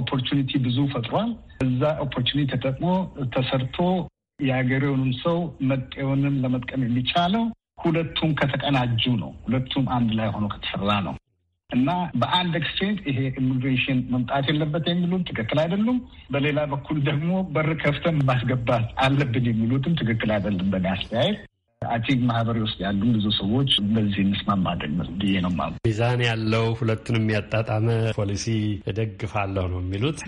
ኦፖርቹኒቲ ብዙ ፈጥሯል። እዛ ኦፖርቹኒቲ ተጠቅሞ ተሰርቶ የሀገሬውንም ሰው መጤውንም ለመጥቀም የሚቻለው ሁለቱም ከተቀናጁ ነው። ሁለቱም አንድ ላይ ሆኖ ከተሰራ ነው እና በአንድ ኤክስቼንጅ ይሄ ኢሚግሬሽን መምጣት የለበት የሚሉት ትክክል አይደሉም። በሌላ በኩል ደግሞ በር ከፍተን ማስገባት አለብን የሚሉትም ትክክል አይደለም በእኔ አስተያየት አቺቭ ማህበር ውስጥ ያሉ ብዙ ሰዎች በዚህ እንስማማለን ብዬ ነው ማ ሚዛን ያለው ሁለቱንም ያጣጣመ ፖሊሲ እደግፋለሁ ነው የሚሉት።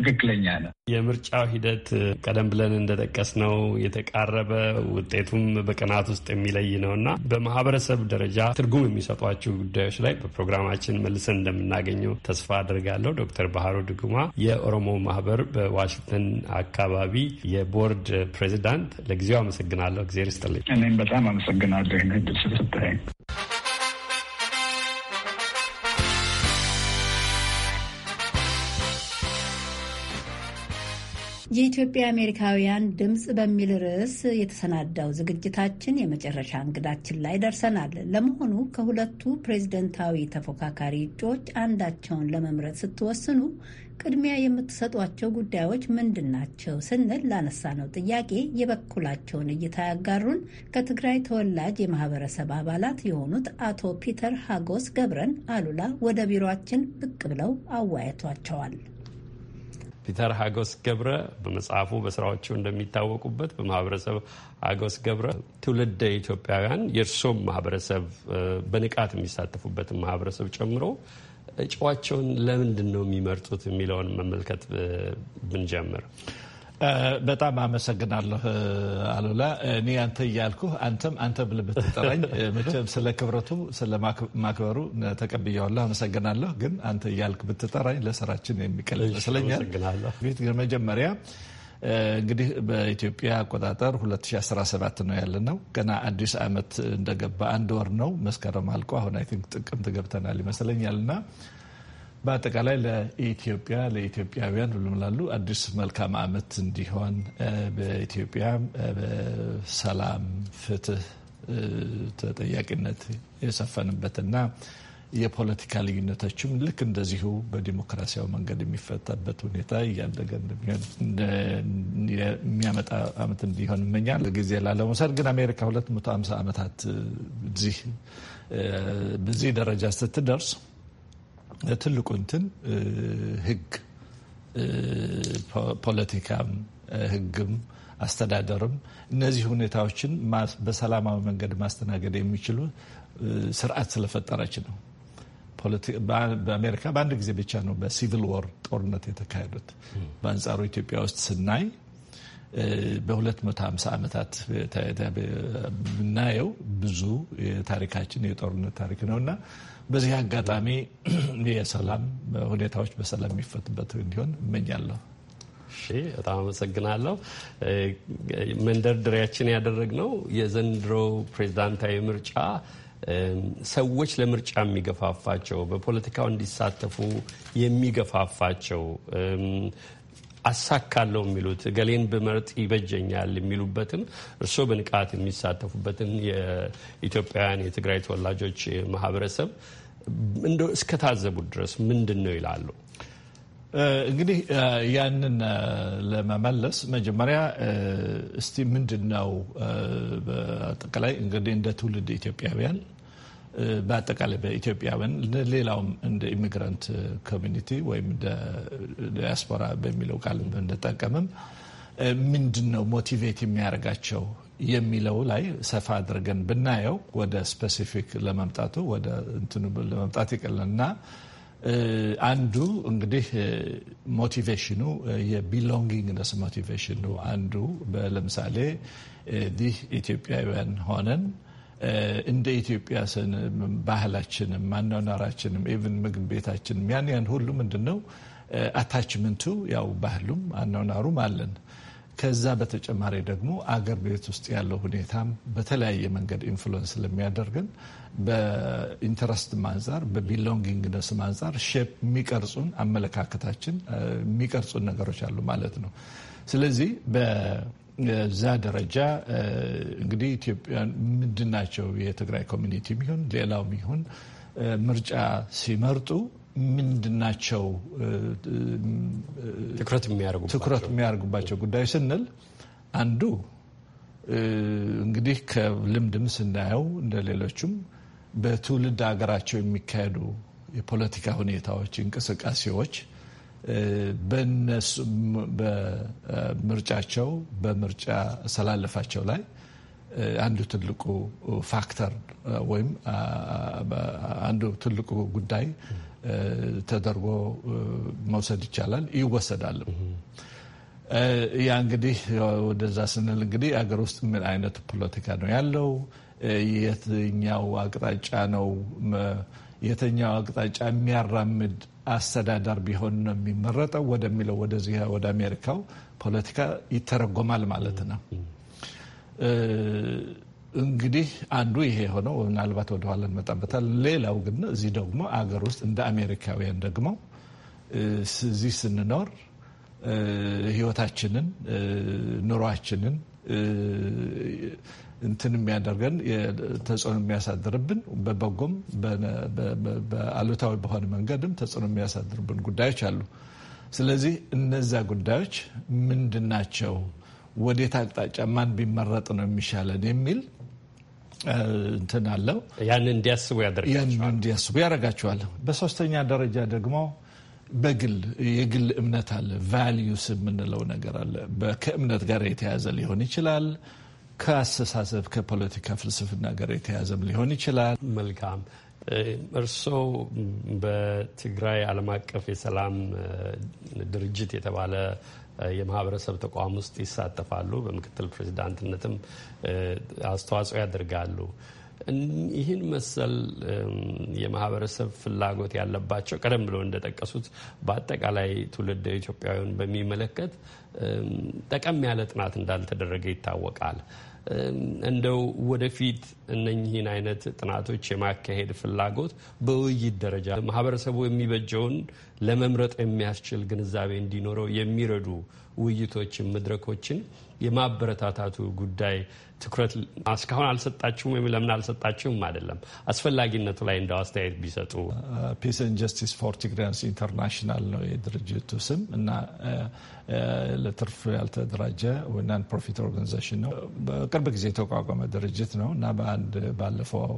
ትክክለኛ ነው። የምርጫው ሂደት ቀደም ብለን እንደጠቀስነው የተቃረበ ውጤቱም በቀናት ውስጥ የሚለይ ነው እና በማህበረሰብ ደረጃ ትርጉም የሚሰጧቸው ጉዳዮች ላይ በፕሮግራማችን መልሰን እንደምናገኘው ተስፋ አድርጋለሁ። ዶክተር ባህሩ ድጉማ የኦሮሞ ማህበር በዋሽንግተን አካባቢ የቦርድ ፕሬዚዳንት፣ ለጊዜው አመሰግናለሁ። እግዜር ይስጥልኝ። በጣም አመሰግናለሁ። ግድ ስለሰጠኝ የኢትዮጵያ አሜሪካውያን ድምፅ በሚል ርዕስ የተሰናዳው ዝግጅታችን የመጨረሻ እንግዳችን ላይ ደርሰናል። ለመሆኑ ከሁለቱ ፕሬዝደንታዊ ተፎካካሪ እጩዎች አንዳቸውን ለመምረጥ ስትወስኑ ቅድሚያ የምትሰጧቸው ጉዳዮች ምንድን ናቸው ስንል ላነሳነው ጥያቄ የበኩላቸውን እይታ ያጋሩን ከትግራይ ተወላጅ የማህበረሰብ አባላት የሆኑት አቶ ፒተር ሃጎስ ገብረን አሉላ ወደ ቢሮአችን ብቅ ብለው አወያይቷቸዋል። ፒተር ሀጎስ ገብረ በመጽሐፉ በስራዎቹ እንደሚታወቁበት በማህበረሰብ ሀጎስ ገብረ ትውልደ ኢትዮጵያውያን የእርሶም ማህበረሰብ በንቃት የሚሳተፉበትን ማህበረሰብ ጨምሮ እጩዋቸውን ለምንድን ነው የሚመርጡት የሚለውን መመልከት ብንጀምር በጣም አመሰግናለሁ አሉላ። እኔ አንተ እያልኩ አንተም አንተ ብለህ ብትጠራኝ መቼም ስለ ክብረቱ ስለ ማክበሩ ተቀብያዋለሁ፣ አመሰግናለሁ። ግን አንተ እያልክ ብትጠራኝ ለስራችን የሚቀል ይመስለኛል። ፊት መጀመሪያ እንግዲህ በኢትዮጵያ አቆጣጠር 2017 ነው ያለ ነው። ገና አዲስ ዓመት እንደገባ አንድ ወር ነው መስከረም አልቆ አሁን አይ ቲንክ ጥቅምት ገብተናል ይመስለኛል እና በአጠቃላይ ለኢትዮጵያ ለኢትዮጵያውያን ሁሉም ላሉ አዲስ መልካም ዓመት እንዲሆን በኢትዮጵያ በሰላም ፍትህ፣ ተጠያቂነት የሰፈንበትና የፖለቲካ ልዩነቶችም ልክ እንደዚሁ በዲሞክራሲያዊ መንገድ የሚፈታበት ሁኔታ እያደገ የሚያመጣ ዓመት እንዲሆን ይመኛል። ጊዜ ላለመውሰድ ግን አሜሪካ 250 ዓመታት በዚህ ደረጃ ስትደርስ ትልቁ እንትን ህግ፣ ፖለቲካም፣ ህግም፣ አስተዳደርም እነዚህ ሁኔታዎችን በሰላማዊ መንገድ ማስተናገድ የሚችሉ ስርዓት ስለፈጠረች ነው። በአሜሪካ በአንድ ጊዜ ብቻ ነው በሲቪል ወር ጦርነት የተካሄዱት። በአንጻሩ ኢትዮጵያ ውስጥ ስናይ በ250 ዓመታት ብናየው ብዙ የታሪካችን የጦርነት ታሪክ ነውና በዚህ አጋጣሚ የሰላም ሁኔታዎች በሰላም የሚፈቱበት እንዲሆን እመኛለሁ። እሺ፣ በጣም አመሰግናለሁ። መንደርደሪያችን ያደረግነው የዘንድሮ ፕሬዚዳንታዊ ምርጫ ሰዎች ለምርጫ የሚገፋፋቸው በፖለቲካው እንዲሳተፉ የሚገፋፋቸው አሳካለው የሚሉት ገሌን ብመርጥ ይበጀኛል የሚሉበትን እርስዎ በንቃት የሚሳተፉበትን የኢትዮጵያውያን የትግራይ ተወላጆች ማህበረሰብ እንደ እስከታዘቡት ድረስ ምንድን ነው ይላሉ? እንግዲህ ያንን ለመመለስ መጀመሪያ እስቲ ምንድን ነው በአጠቃላይ እንግዲህ እንደ ትውልድ ኢትዮጵያውያን በአጠቃላይ በኢትዮጵያውያን ሌላውም እንደ ኢሚግራንት ኮሚኒቲ ወይም ዲያስፖራ በሚለው ቃል እንደጠቀምም ምንድን ነው ሞቲቬት የሚያደርጋቸው የሚለው ላይ ሰፋ አድርገን ብናየው ወደ ስፔሲፊክ ለመምጣቱ ወደ እንትኑ ለመምጣት ይቀልና አንዱ እንግዲህ ሞቲቬሽኑ የቢሎንጊንግነስ ሞቲቬሽኑ አንዱ ለምሳሌ ዲህ ኢትዮጵያውያን ሆነን እንደ ኢትዮጵያ ባህላችንም አኗኗራችንም ኢቭን ምግብ ቤታችንም ያን ያን ሁሉ ምንድን ነው አታችመንቱ ያው ባህሉም አኗኗሩም አለን። ከዛ በተጨማሪ ደግሞ አገር ቤት ውስጥ ያለው ሁኔታም በተለያየ መንገድ ኢንፍሉዌንስ ለሚያደርግን በኢንተረስት አንጻር በቢሎንጊንግነስ አንጻር ሼፕ የሚቀርጹን አመለካከታችን የሚቀርጹን ነገሮች አሉ ማለት ነው። ስለዚህ በዛ ደረጃ እንግዲህ ኢትዮጵያን ምንድናቸው የትግራይ ኮሚኒቲ ሚሆን ሌላው ሚሆን ምርጫ ሲመርጡ ምንድናቸው ትኩረት የሚያደርጉባቸው ጉዳዮች ስንል አንዱ እንግዲህ ከልምድም ስናየው እንደሌሎችም በትውልድ ሀገራቸው የሚካሄዱ የፖለቲካ ሁኔታዎች፣ እንቅስቃሴዎች በነሱ በምርጫቸው በምርጫ አሰላለፋቸው ላይ አንዱ ትልቁ ፋክተር ወይም አንዱ ትልቁ ጉዳይ ተደርጎ መውሰድ ይቻላል፣ ይወሰዳል ያ እንግዲህ ወደዛ ስንል እንግዲህ አገር ውስጥ ምን አይነት ፖለቲካ ነው ያለው? የትኛው አቅጣጫ ነው የትኛው አቅጣጫ የሚያራምድ አስተዳደር ቢሆን ነው የሚመረጠው ወደሚለው ወደዚህ ወደ አሜሪካው ፖለቲካ ይተረጎማል ማለት ነው። እንግዲህ አንዱ ይሄ የሆነው ምናልባት ወደኋላ እንመጣበታለን። ሌላው ግን እዚህ ደግሞ አገር ውስጥ እንደ አሜሪካውያን ደግሞ እዚህ ስንኖር ህይወታችንን፣ ኑሯችንን እንትን የሚያደርገን ተጽዕኖ የሚያሳድርብን በበጎም በአሉታዊ በሆነ መንገድም ተጽዕኖ የሚያሳድርብን ጉዳዮች አሉ። ስለዚህ እነዛ ጉዳዮች ምንድናቸው? ወዴት አቅጣጫ ማን ቢመረጥ ነው የሚሻለን የሚል እንትን አለው ያንን እንዲያስቡ ያደርጋቸዋል እንዲያስቡ ያደርጋቸዋል። በሶስተኛ ደረጃ ደግሞ በግል የግል እምነት አለ። ቫሊዩስ የምንለው ነገር አለ። ከእምነት ጋር የተያዘ ሊሆን ይችላል። ከአስተሳሰብ ከፖለቲካ ፍልስፍና ጋር የተያዘም ሊሆን ይችላል። መልካም። እርስዎ በትግራይ ዓለም አቀፍ የሰላም ድርጅት የተባለ የማህበረሰብ ተቋም ውስጥ ይሳተፋሉ፣ በምክትል ፕሬዚዳንትነትም አስተዋጽኦ ያደርጋሉ። ይህን መሰል የማህበረሰብ ፍላጎት ያለባቸው ቀደም ብሎ እንደጠቀሱት በአጠቃላይ ትውልደ ኢትዮጵያውያን በሚመለከት ጠቀም ያለ ጥናት እንዳልተደረገ ይታወቃል። እንደው ወደፊት እነኚህን አይነት ጥናቶች የማካሄድ ፍላጎት በውይይት ደረጃ ማህበረሰቡ የሚበጀውን ለመምረጥ የሚያስችል ግንዛቤ እንዲኖረው የሚረዱ ውይይቶችን፣ መድረኮችን የማበረታታቱ ጉዳይ ትኩረት እስካሁን አልሰጣችሁም ወይም ለምን አልሰጣችሁም አይደለም፣ አስፈላጊነቱ ላይ እንደው አስተያየት ቢሰጡ። ፒስ ኤንድ ጀስቲስ ፎር ኢንተርናሽናል ነው የድርጅቱ ስም እና ለትርፍ ያልተደራጀ ናን ፕሮፊት ኦርጋናይዜሽን ነው። በቅርብ ጊዜ የተቋቋመ ድርጅት ነው እና በአንድ ባለፈው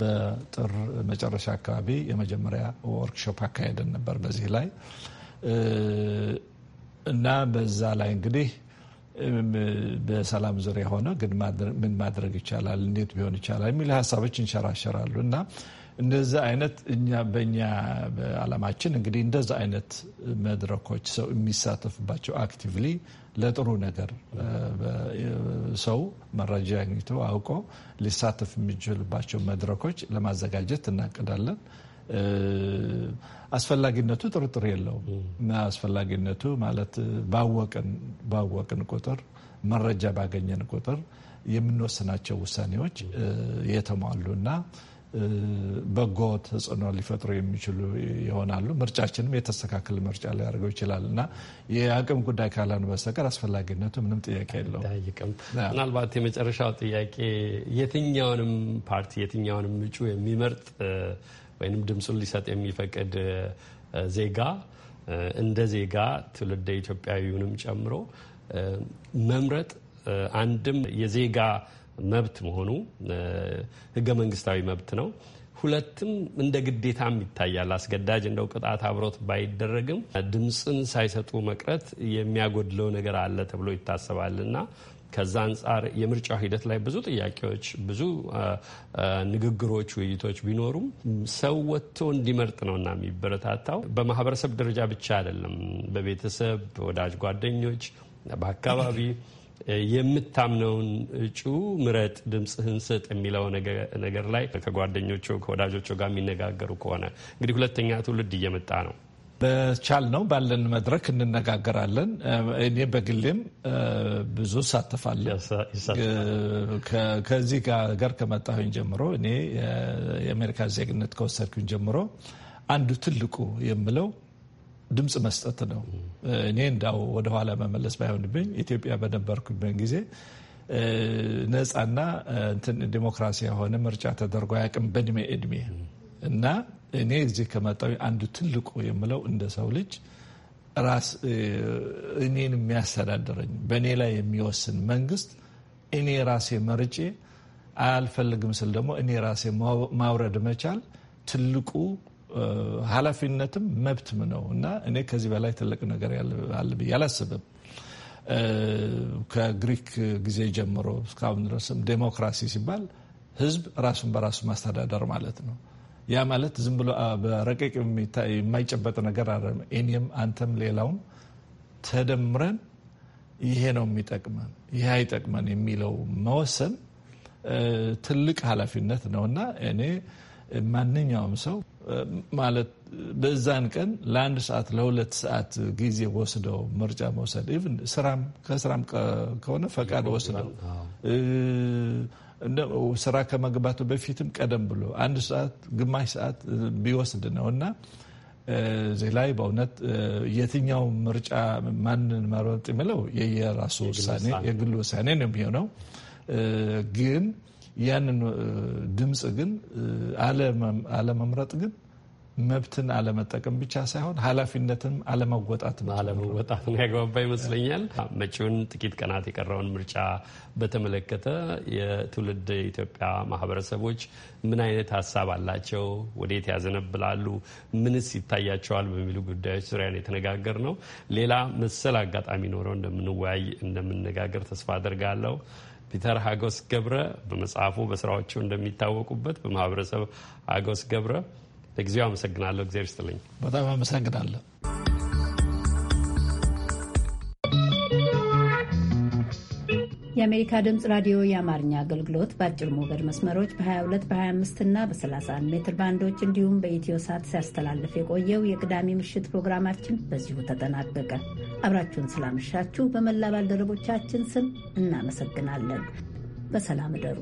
በጥር መጨረሻ አካባቢ የመጀመሪያ ወርክሾፕ አካሄደን ነበር በዚህ ላይ እና በዛ ላይ እንግዲህ በሰላም ዙሪያ ሆነ ግን ምን ማድረግ ይቻላል፣ እንዴት ቢሆን ይቻላል የሚል ሀሳቦች እንሸራሸራሉ እና እንደዚህ አይነት እኛ በእኛ በዓላማችን እንግዲህ እንደዚህ አይነት መድረኮች ሰው የሚሳተፍባቸው አክቲቭሊ ለጥሩ ነገር ሰው መረጃ አግኝቶ አውቆ ሊሳተፍ የሚችልባቸው መድረኮች ለማዘጋጀት እናቅዳለን። አስፈላጊነቱ ጥርጥር የለውም እና አስፈላጊነቱ ማለት ባወቅን ቁጥር መረጃ ባገኘን ቁጥር የምንወስናቸው ውሳኔዎች የተሟሉ እና በጎ ተጽዕኖ ሊፈጥሩ የሚችሉ ይሆናሉ። ምርጫችንም የተስተካከለ ምርጫ ሊያደርገው ይችላል እና የአቅም ጉዳይ ካልሆነ በስተቀር አስፈላጊነቱ ምንም ጥያቄ የለውም። ምናልባት የመጨረሻው ጥያቄ የትኛውንም ፓርቲ የትኛውንም እጩ የሚመርጥ ወይም ድምፁን ሊሰጥ የሚፈቅድ ዜጋ እንደ ዜጋ ትውልደ ኢትዮጵያዊውንም ጨምሮ መምረጥ አንድም የዜጋ መብት መሆኑ ህገ መንግስታዊ መብት ነው። ሁለትም እንደ ግዴታም ይታያል። አስገዳጅ እንደው ቅጣት አብሮት ባይደረግም ድምፅን ሳይሰጡ መቅረት የሚያጎድለው ነገር አለ ተብሎ ይታሰባል እና ከዛ አንጻር የምርጫው ሂደት ላይ ብዙ ጥያቄዎች፣ ብዙ ንግግሮች፣ ውይይቶች ቢኖሩም ሰው ወጥቶ እንዲመርጥ ነውና የሚበረታታው በማህበረሰብ ደረጃ ብቻ አይደለም። በቤተሰብ በወዳጅ ጓደኞች፣ በአካባቢ የምታምነውን እጩ ምረጥ፣ ድምፅህን ስጥ የሚለው ነገር ላይ ከጓደኞቹ ከወዳጆቹ ጋር የሚነጋገሩ ከሆነ እንግዲህ ሁለተኛ ትውልድ እየመጣ ነው። በቻልነው ባለን መድረክ እንነጋገራለን። እኔ በግሌም ብዙ እሳተፋለሁ። ከዚህ ጋር ከመጣሁኝ ጀምሮ እኔ የአሜሪካ ዜግነት ከወሰድኩኝ ጀምሮ አንዱ ትልቁ የምለው ድምፅ መስጠት ነው። እኔ እንዳው ወደኋላ መመለስ ባይሆንብኝ ኢትዮጵያ በነበርኩበት ጊዜ ነፃና ዲሞክራሲ የሆነ ምርጫ ተደርጎ አያውቅም በእድሜ እድሜ እና እኔ እዚህ ከመጣሁ አንዱ ትልቁ የምለው እንደ ሰው ልጅ ራስ እኔን የሚያስተዳድረኝ በእኔ ላይ የሚወስን መንግስት እኔ ራሴ መርጬ አልፈልግም ስል ደግሞ እኔ ራሴ ማውረድ መቻል ትልቁ ኃላፊነትም መብትም ነው እና እኔ ከዚህ በላይ ትልቅ ነገር አለ ብዬ አላስብም። ከግሪክ ጊዜ ጀምሮ እስካሁን ድረስም ዴሞክራሲ ሲባል ህዝብ ራሱን በራሱ ማስተዳደር ማለት ነው። ያ ማለት ዝም ብሎ በረቂቅ የማይጨበጥ ነገር አይደለም። እኔም አንተም ሌላውም ተደምረን ይሄ ነው የሚጠቅመን፣ ይሄ አይጠቅመን የሚለው መወሰን ትልቅ ኃላፊነት ነው እና እኔ ማንኛውም ሰው ማለት በዛን ቀን ለአንድ ሰዓት ለሁለት ሰዓት ጊዜ ወስደው ምርጫ መውሰድ ስራም ከስራም ከሆነ ፈቃድ ወስደው ስራ ከመግባቱ በፊትም ቀደም ብሎ አንድ ሰዓት ግማሽ ሰዓት ቢወስድ ነው እና እዚህ ላይ በእውነት የትኛው ምርጫ ማንን መረጥ የሚለው የየራሱ ውሳኔ የግል ውሳኔ ነው የሚሆነው። ግን ያንን ድምፅ ግን አለመምረጥ ግን መብትን አለመጠቀም ብቻ ሳይሆን ኃላፊነትም አለመወጣት አለመወጣት ያግባባ ይመስለኛል። መጪውን ጥቂት ቀናት የቀረውን ምርጫ በተመለከተ የትውልድ ኢትዮጵያ ማህበረሰቦች ምን አይነት ሀሳብ አላቸው? ወዴት ያዘነብላሉ? ምንስ ይታያቸዋል? በሚሉ ጉዳዮች ዙሪያ የተነጋገር ነው። ሌላ መሰል አጋጣሚ ኖረው እንደምንወያይ እንደምንነጋገር ተስፋ አድርጋለሁ። ፒተር ሀጎስ ገብረ በመጽሐፉ በስራዎቹ እንደሚታወቁበት በማህበረሰብ ሀጎስ ገብረ ለጊዜው አመሰግናለሁ። እግዚአብሔር ይስጥልኝ። በጣም አመሰግናለሁ። የአሜሪካ ድምፅ ራዲዮ የአማርኛ አገልግሎት በአጭር ሞገድ መስመሮች በ22 በ25 እና በ31 ሜትር ባንዶች እንዲሁም በኢትዮ ሳት ሲያስተላልፍ የቆየው የቅዳሜ ምሽት ፕሮግራማችን በዚሁ ተጠናቀቀ። አብራችሁን ስላመሻችሁ በመላ ባልደረቦቻችን ስም እናመሰግናለን። በሰላም እደሩ።